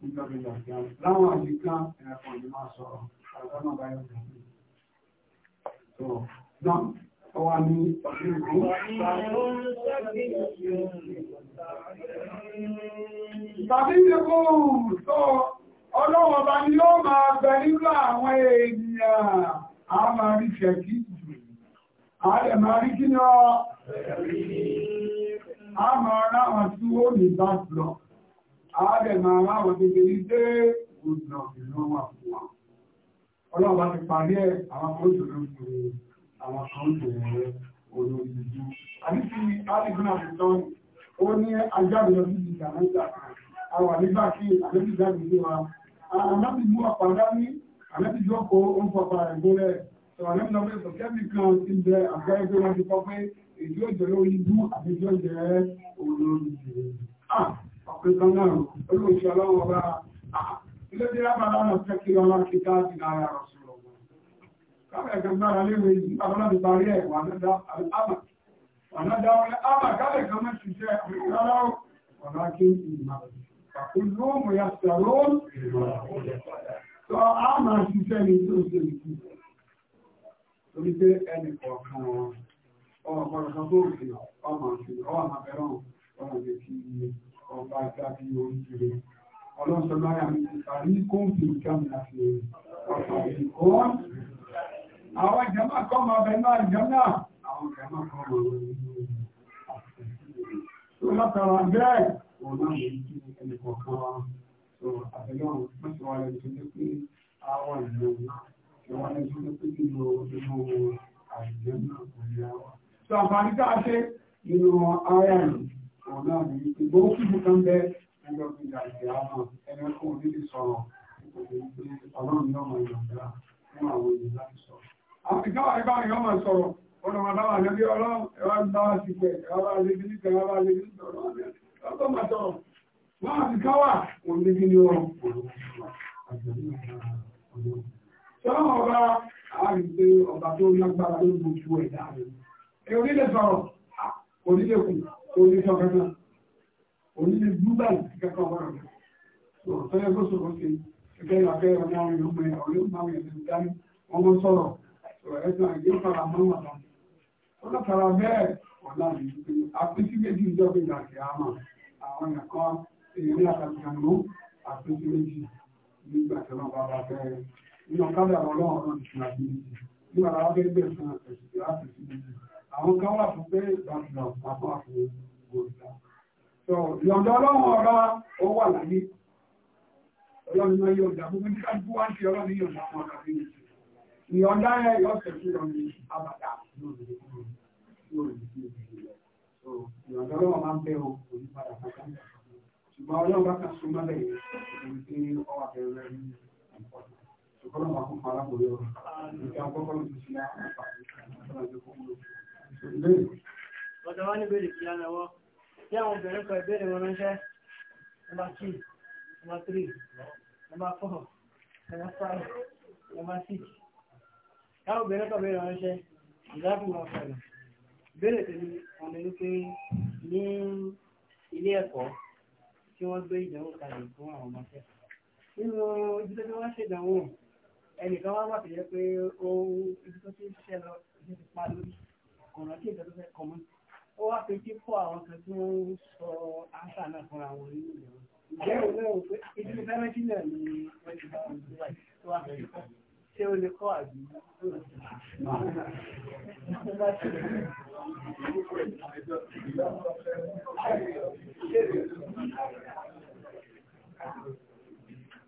nítorí ìgbàgbà láwọn àyíká ẹ̀kọ́ ní máa sọ̀rọ̀ àwọn tó bá yọ̀ǹda. Náà ọwọ́ ní ọdún ìlú. Tàbí ìdẹ́kọ̀ òun sọ ọlọ́wọ̀n bá ni yóò máa bẹ nínú àwọn èèyàn a máa rí ṣẹ̀kí a lè máa rí kí ní ọ a máa ráwọn tí ó ní bá lọ a lè máa ráwọn kékeré dé gbogbo ìlú wà fún wa ọlọ́ọ̀bá ti parí ẹ̀ àwọn kan tó ló fi àwọn kan tó rẹ̀ olórí ìlú àdísí alìgbọ́n àtìtọ́ ó ní ajáde lọ sí ìjà náà àwọn àdígbà kí àmẹ́bí yóò kó ó ń fọpa ẹ̀gbọ́n rẹ̀ sọ̀rọ̀ lẹ́nu lọ́wọ́ ìsọ̀ kẹ́mí kan ti bẹ àgbá ẹgbẹ́ wọn ti kọ́ pé èdè òjò lórí ibú àti èdè òjò rẹ̀ olórí rẹ̀. ọ̀pẹ kan náà olóòṣù ọlọ́wọ́ bá ilé tí lábàlá náà fẹ́ kí ọlá kí ká ti náà yàrá sọ̀rọ̀ wọn. káfẹ́ kan gbára léwe yìí abọ́lá ti parí ẹ̀ wà náà dáwọ́ ولكن المرض فكلهم يسرون Sọ á máa ṣiṣẹ́ ní tó ṣe ìkú. Torí pé ẹnì kọ̀ọ̀kan wọn, ọmọ ọ̀pọ̀lọpọ̀ tó ń fi ọmọ ọ̀sìn, ọmọ àbẹ̀rán, ọmọ ìgbè tí ọba àti oríire. Àwọn ìjọba kọ́ máa bẹ náà ìjọba. Àwọn ìjọba kọ́ máa bẹ náà ìjọba. Tó látara bẹ́ẹ̀, òun náà lè kí ẹnì wọn so àbẹ̀lọ́ wọ́n ti wà lẹ́nu tó ní pé àwọn ìlú tí wọ́n lẹ́nu tó ní pé nínú nínú àìjẹ́ náà àwọn. so àǹfààní tá a ṣe nínú ara rẹ̀ òun náà ní pé gbogbo kíkú kan bẹ́ ẹgbẹ́ òfin àìjẹ́ àwọn ẹni kò ní lè sọ̀rọ̀ ọlọ́run náà máa yọ̀ǹda fún àwọn èèyàn láti sọ̀rọ̀. àfikún àìbá yọ̀ máa sọ̀rọ̀ ọ̀nà màdáwà lẹ́bí ọlọ́run ẹ̀wá ń bá wa ti pẹ̀ ẹ̀wá bá wa lè fi níta ẹ̀wá bá wa lè Máa káwà, òun ní kí ni ó Sọ́nà ọba àrígbé ọba tó lágbára ló gbogbo ẹ̀dá rẹ̀. Ẹ onílẹ̀ sọ̀rọ̀, onílẹ̀ kù, onílẹ̀ sọ̀rọ̀ náà, onílẹ̀ gbúgbà ìkẹ́kọ̀ọ́ ọ̀rọ̀ rẹ̀. Sọ̀rọ̀ tó sọ̀rọ̀ sí ẹgbẹ́ ìlàfẹ́ ọmọ orin ọmọ ẹ̀ ọ̀rẹ́ ọmọ èyí àtàkì àánú àti oṣù méjì nígbà tí wọ́n bá bá fẹ́ nínú kábẹ́ àwọn ọlọ́run náà ti máa bí méjì nígbà tí wọ́n fẹ́ gbẹ̀ fún ẹ̀sìn láti sí méjì àwọn kan wà fún pé ìdánilọ àbọ̀ àfún gòrìlà so ìyọ̀ǹda ọlọ́run ọ̀rá ó wà láyé ọlọ́run náà yọ̀ǹda gbogbo ní kájú wá sí ọlọ́run yọ̀ǹda fún ọ̀rá bí méjì ìyọ̀ǹda ẹ̀ yọ̀ sẹ̀sùn lọ ní máa ń bẹ́ o kò ní padà kankan ìgbà ọlọ́run bá kan súnmọ́ bẹ́ẹ̀ ìdí tí ọwọ́ abẹ́rẹ́ rẹ̀ ní ìpọ́tù ṣùgbọ́n ọba fún fara kò yọ ìgbà ọgọ́gọ́ ló ti ṣe ní àwọn àpàdé ọ̀nà tó kún lò. ọ̀dọ̀ wa ní bèrè kí á náwó tí àwọn obìnrin kan ìbéèrè wọn ránṣẹ́ nọ́mbà two nọ́mbà three nọ́mbà four nọ́mbà five nọ́mbà six ẹ̀kọ́ tí wọ́n gbé ìdánwò kalẹ̀ fún àwọn ọmọṣẹ́. nínú ojúlé tí wọ́n ṣèdánwò ẹnìkan wá wà tó yẹ pé ó ibi tó ti ṣiṣẹ́ lọ ibi ti pa lórí ọ̀nà tí ìjọba fẹ́ kọ́ mọ́. ó wá pé kí fọ́ àwọn kan tí wọ́n ń sọ áṣà náà fún àwọn nínú ìlú. ìjẹ́ òun náà wò pé ibi tó fẹ́rẹ́ sí ni wọ́n ti bá wọn gbé tó wà fẹ́ kọ́. ṣé o lè kọ́ àbí?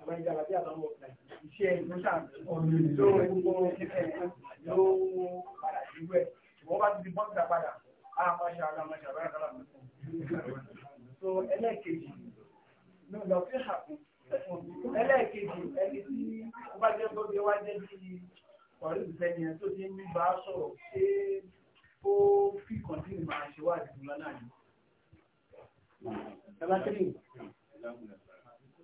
àwọn ìjàmbá tí àtàwọn ọmọ ọ̀gá iṣẹ́ ìmúṣà ló ń kó kíkẹ́ ló ń padà sí wẹ̀ wọ́n bá ti di bọ́ǹtà padà á máa ṣe àgbà máa ṣe àbáyà kálà mọ́. so ẹlẹ́ẹ̀kejì ló lọ sí àpò ẹlẹ́ẹ̀kejì ẹni tí ó bá jẹ́ gbọ́dọ̀ wá jẹ́ bí ọ̀rẹ́ ìfẹ́ni ẹ̀ tó ti ń bá sọ̀rọ̀ ṣé ó fi kọ̀ntínì máa ṣe wá àdìgún lọ́nà yìí.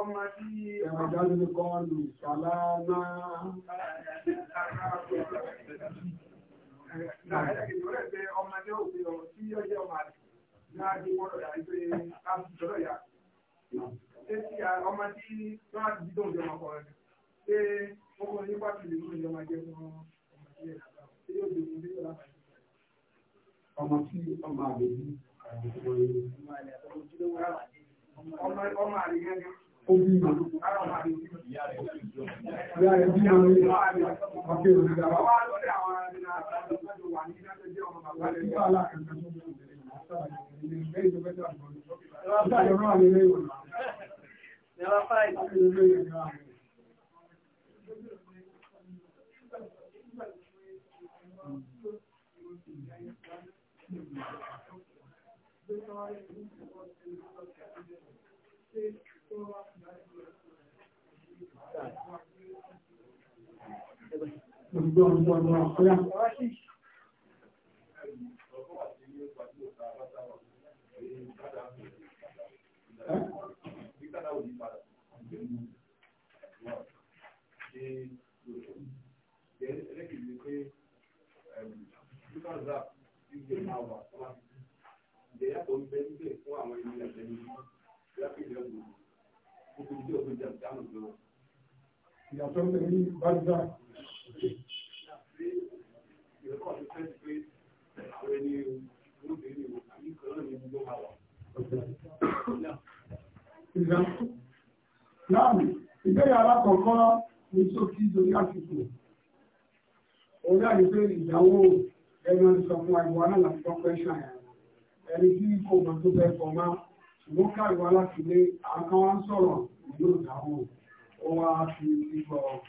ọmọ tí ẹ̀rọ̀dájú kọ́ lù sàlámà ọmọ ọmọ tí ọmọ tí wọ́n á ọmọ tí obìnrin ìyá Thank you. Ìyàtọ̀ ń bẹ̀rẹ̀ ní Bájúdá. Láàrín, ìbéèrè alákọ̀ọ́kọ́ ní sókí lórí àsìkò. Òun náà ní pé ìyàwó ẹnu sọ fún àìwá náà láti gbọ́ pẹ́ṣà ẹ̀. Ẹni tí kò mọ̀ tó fẹ́ fọ́ máa, ṣùgbọ́n káìwá láti lé àwọn kan wá ń sọ̀rọ̀ ìlú ìdáwó. Ó wá fi gbígbọ́ ọ̀rọ̀.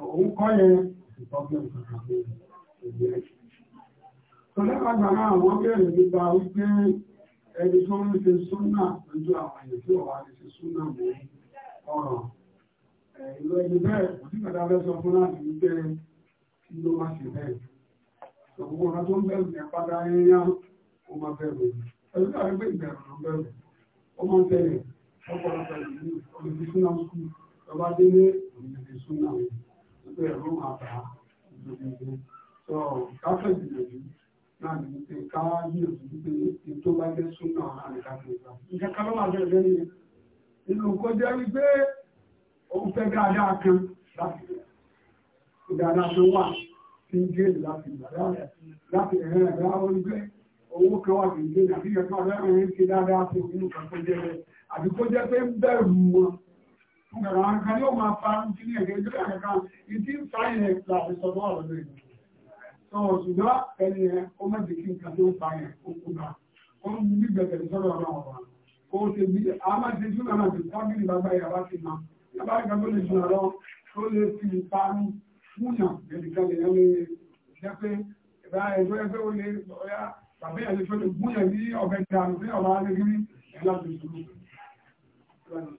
Òun kọ́ yẹn ìtọ́jú ìtọ́jú ìgbé ẹ̀ṣẹ̀. Tọ́lẹ́gbàgbà náà wọ́n bẹ̀rẹ̀ nípa wípé ẹni tó ń ṣe súnà lójú àwọn èèyàn tí ọ̀wá lè ṣe súnà mú ọ̀rọ̀. Ìlú ẹni bẹ́ẹ̀ kò sí kàdá fẹ́ sọ fún láti wípé kí ló má ṣe bẹ́ẹ̀. Ṣọ̀gbọ́n ọ̀nà tó ń bẹ̀rù yẹn padà yẹnyá ó máa bẹ̀rù. Ẹni tó àgbẹ̀ ìbẹ̀rù ló bẹ̀rù. Ó máa ń tẹ̀lé ọ̀pọ̀lọpọ̀ ìlú olùdíṣúná skul. Tọ́ba délé òun ti sún náà nígbà ẹ̀rọ máa bà á gbogbo sọ káfíńsì lòdì náà ní pé káwájú òtún pé ètò bá jẹ́ sún náà àríkà tó gbà. Nǹkan kan ló máa bẹ̀rẹ̀ lẹ́yìn yẹn. Inú kó jẹ́ wípé òun fẹ́ dáadáa kan láti rẹ̀. Ìdáadáa kan wà tí ń gé láti gbà láti ẹ̀rẹ́ ẹ̀rẹ́ orílẹ̀ owó kan wà tí ń gé àbí ẹ̀fọ́ rẹ̀ ń ṣe dáadáa fún inú kan tó jẹ́ àbí jẹ́ pé ń bẹ̀rù wọn. Àwọn nǹkan yóò máa fa ń jílé ẹ̀gẹ́ ìjọ́ ìrìnká ìdí ń fa ilẹ̀ láti sọ̀rọ̀ ọ̀rọ̀ lórí. Sọ ṣùgbọ́n ẹni ẹ ó má jẹ́ kí nǹkan tó ń fa ẹ̀ ó kú bá. Ó ń bí gbẹ̀gbẹ̀ sọ̀rọ̀ ọ̀rọ̀ ọ̀rọ̀. Ó ṣe bí a máa ti tún náà ti tábìlì bàbá ìyàwó ti máa. Bàbá ìgbà tó lọ, ó lè fi ìparun fún yàn ẹnìkan lè jẹ́ pé ìbá ẹ̀jọ́ ẹgbẹ́ ó lè ọ̀yá tàbí ẹ̀lẹ́ fẹ́ lè gún yẹn ní ọ̀bẹ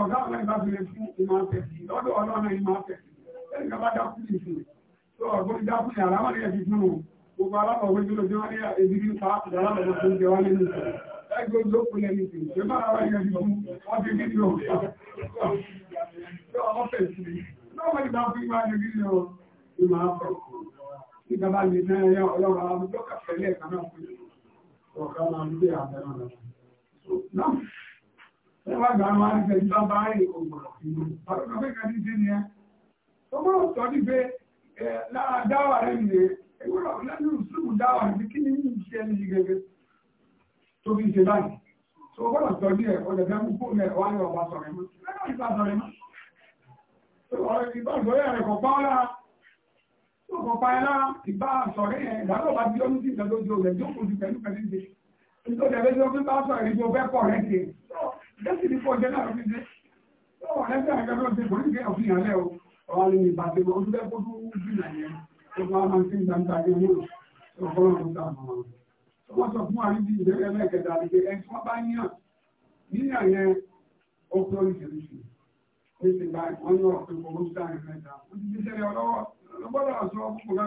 ọ̀gá àwọn ìbá fi lè fún ìmọ̀ àtẹ̀sí lọ́dọ̀ ọlọ́nà ìmọ̀ àtẹ̀sí ẹni kan bá dákú ní ìfún tó ọ̀gbọ́n dákú ní àlámà ní ẹ̀sìn fún un gbogbo alábọ̀ ojú ló jẹ́ wọ́n ní èdè ní pa àlámà tó ń jẹ wá nínú ìjọba lè náà ọlọ́run àwọn ọmọdé ọkà fẹ́lẹ́ ẹ̀ka fún ọ̀gá máa ń gbé àbẹ̀rẹ̀ náà. Ẹgbàgbà máa ń fẹ́ ìjọba ààrẹ ògbòrò ìlú. Ọ̀rọ̀ pé kàdí sí ni ẹ́. Ó gbọ́dọ̀ sọ ní pé lára dáwà rẹ̀ nìyẹn. Ẹgbọ́dọ̀ lẹ́nu ìṣúlù dáwà rẹ̀ kí ni ń ṣe ẹni yìí gẹ́gẹ́ tó fi ṣe báyìí. Tó gbọ́dọ̀ sọ ní ẹ̀ ọ̀dẹ̀ fẹ́ mú fóònù ẹ̀ wá ní ọ̀bá sọ̀rọ̀ mọ́. Lẹ́nu ìbá ẹ̀ ìdálọ́ bí ọdún sí ìdálójú rẹ̀ tó kò pẹ̀lú pẹ̀lú ìdè. Nítorí ẹgbẹ́ tí wọ́n fi bá sọ̀rọ̀ ìjọba ẹ̀kọ́ rẹ̀ ṣe. Lẹ́sìn ní fọ́jẹ́ láàrín fi dé. Lọ́wọ́ ẹgbẹ́ àgbẹ̀rẹ̀ ọ̀sẹ̀ kò ní kẹ́ òfin àlẹ́ o. Ọ̀rọ̀ ni ìbàdí wọn, ó tún bẹ́ẹ̀ kó tún jìnà yẹn. Ó máa máa ń sí gbangba ní ọmọ ọ̀gọ́rùn-ún tó sáà mọ́. Wọ́n sọ fún àrídì ìdẹ́gbẹ́ mẹ́kẹ̀ẹ́ta ni pé ẹni tí wọ́n bá yàn yíyàn yẹn ó pé oríṣiríṣi. Ó ti gba wọ́n yọ ọ̀pẹ̀ kò ló sáà yẹn mẹ́ta. Ó ti ṣiṣẹ́ ọlọ́wọ́ lọ́gbọ́dọ̀ sọ fúnra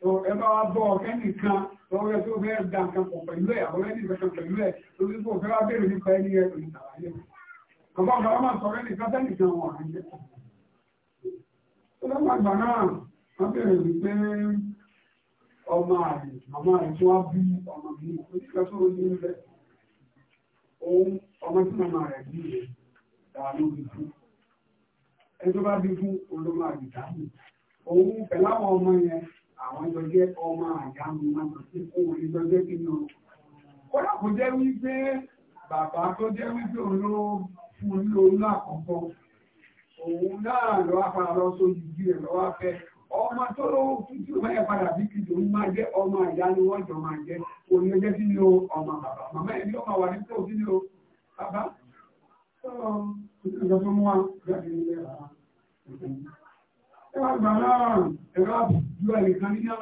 tó ẹ bá wá bọ́ ẹnìkan lọ́wọ́ tó fẹ́ dá nǹkan pọ̀ pẹ̀lú ẹ̀ àwọn ẹni ìfẹsẹ̀ pẹ̀lú ẹ̀ lórí kó fẹ́ wá bèrè nípa ẹni ẹ̀ pẹ̀lú ìtàlàyé ọba ọba máa sọ̀rọ̀ ẹnìkan sẹ́nìkan wọn àrùn jẹ́ tó lọ́wọ́ àgbà náà wọ́n bèrè wípé ọmọ àrùn màmá rẹ̀ tó wá bí ọmọ mi oníkẹ́ tó ní ilẹ̀ òun ọmọ tí màmá rẹ̀ bí rẹ̀ dá lórí fún ẹni tó bá bí fún olómọ àgbìtá òun pẹ̀láwọn ọmọ yẹn àwọn ìjọjẹ́ ọmọ àyàmù máa sí fún ìjọjẹ́ inú kọ́lá kò jẹ́ wípé bàbá tó jẹ́ wípé olóòrùn fún lóòrùn àkọ́kọ́ òun náà lọ apára lọ sójú jí rẹ̀ lọ́wọ́ fẹ́ ọmọ tó lówó tí ó máa padà bí kìdò ń máa jẹ́ ọmọ àyà ni wọ́n jọ máa jẹ́ òun ẹgbẹ́ sí lo ọmọ bàbá màmá ẹni ọmọ wà ní tó sí lo bàbá tó lọ sí ọjọ́ tó mú wa jáde nílẹ̀ rárá ẹwà gbà láàrùn ẹ̀rọ àbùjú ẹ̀lẹ́kan níná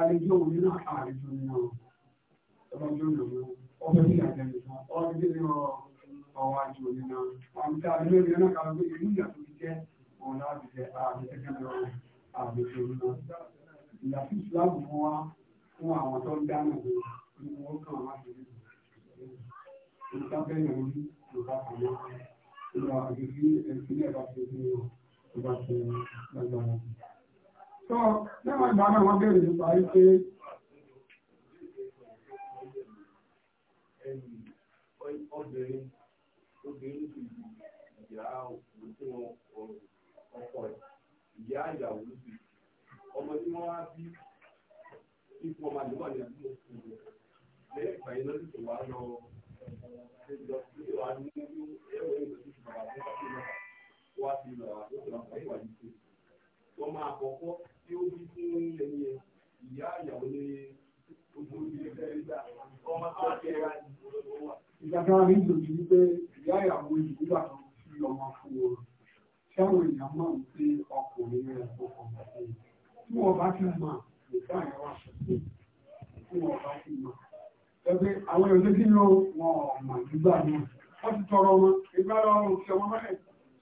àlejò òun nínú àlejò nínú ọjọ́ ìrìnàmọ́ ọjọ́ ìyàjẹ́ nìkan ọjọ́ nínú ọwọ́ àjò nínú àmì tí a lè lórí ẹ̀rọ kan lórí ìlú ìyà tó ti jẹ́ òun láti jẹ àmì ẹgbẹ́ lọ àlejò nínú ìyàtí ìsìláàmù fún wa fún àwọn tó ń dáná ní wọ́n kàn wá sí ìlú ìgbàbẹ́yẹ̀ orí ìgbàkànlá ìgbà àgbègbè ẹ̀sìn ẹ̀bà tó ti ń tó bá ṣe lágbára. Sọ lẹ́wọ̀n ìgbà náà wọ́n bèèrè nípa wípé obìnrin obìnrin ti di ìyá òkú tí wọn ọkọ ẹ ìyá ìyàwó ló ti ọmọ tí wọn wá bí ipò ọmọ àdúgbò ní àdúgbò fún un lẹ́yìn ìgbà yẹn lọ́dún tó wá lọ ṣe lọ sí ìwà wá sí ìlọ àwọn tó máa fàyè wà ní tó máa kọ́kọ́ tí ó bí fún ẹni yẹn ìyá ìyàwó ní ojú ilé fẹ́ẹ́ gbà ọmọ tó wà kẹ́ra ìdájọ́ àárín ìlòjì ni pé ìyá ìyàwó yìí nígbà tó fi ọmọ fún o ṣé àwọn èèyàn máa ń pé ọkùnrin rẹ̀ kó ọmọ fún un tí wọ́n bá ti mọ̀ nígbà yẹn wà sọ́kùn tí ẹgbẹ́ àwọn èèyàn ló wọn ọ̀mọ̀ nígbà náà wọ́n ti tọrọ wọn ìgbà lọ́wọ́ òṣèwọ́n mọ́lẹ̀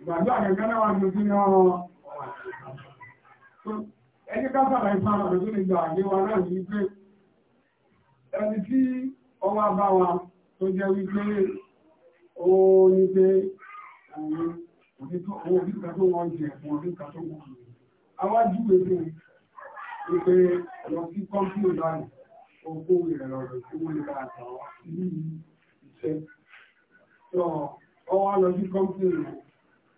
ìgbàgbé àgbẹ̀gbẹ́ náà wà ní ojú náà ẹni kására ìfàmà náà ní ẹni tí ọwọ́ bá wa tó jẹ́ wípé ó ní pé òun òbíkà tó wọ́n jẹ fún tó jẹ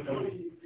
Thank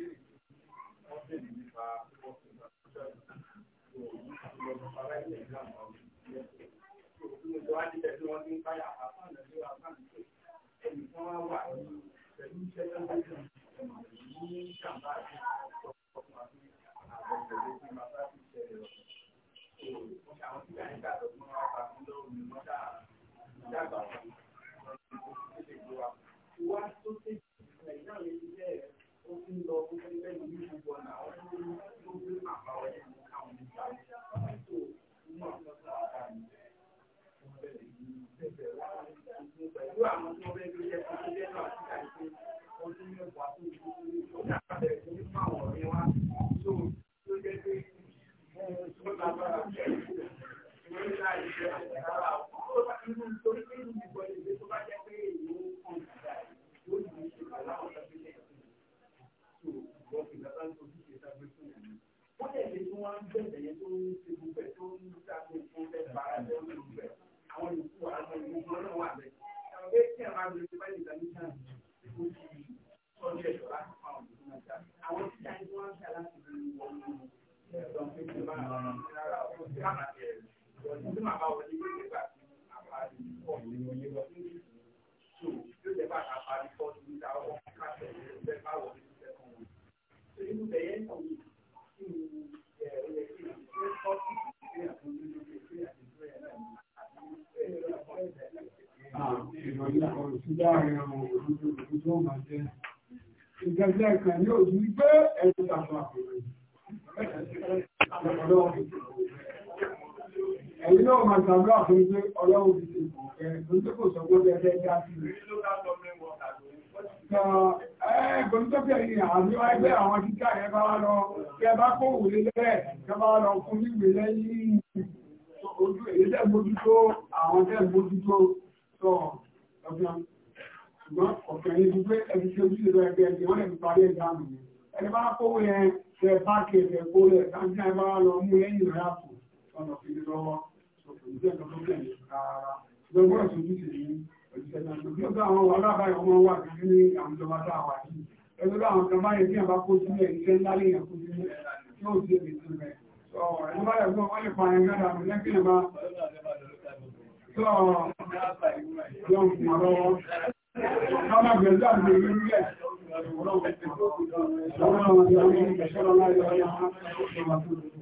lẹ́ẹ̀kan ní òjú wípé ẹ̀sùn tàbí àpòrò ẹ̀yìn náà máa tàbí àpòrò pé ọlọ́run ti ṣe kò tó kò sọ pé ẹgbẹ́ já sí ojú èyí tẹ́ mójútó àwọn tẹ́ mójútó sọ ọ̀gbọ́n ṣùgbọ́n ọ̀kẹ́ ní gbogbo ẹni tí ojú ìlú ẹgbẹ́ ẹgbẹ́ wọ́n lè fi parí ẹ̀dá àmì yẹn ẹni bá kówó yẹn ṣe báàkì ẹ̀fẹ̀ kó lẹ̀ láti náà bá lọ mú lẹ́yìn rẹ̀ àpò ọ̀nà fi lọ́wọ́ ṣòfin jẹ́ ìjọba tó kẹ̀lé rárá ṣùgbọ́n gbọ́dọ̀ tó ojú ìṣèlú òṣìṣẹ́ náà ṣùgbọ́n gbọ́dọ̀ àwọn alábàáyọ̀ ọmọ wà kí a wà yìí ẹgbẹ́ àwọn kan a bá kó sílẹ̀ iṣẹ́ ńlá lè kó sílẹ̀ Thank you.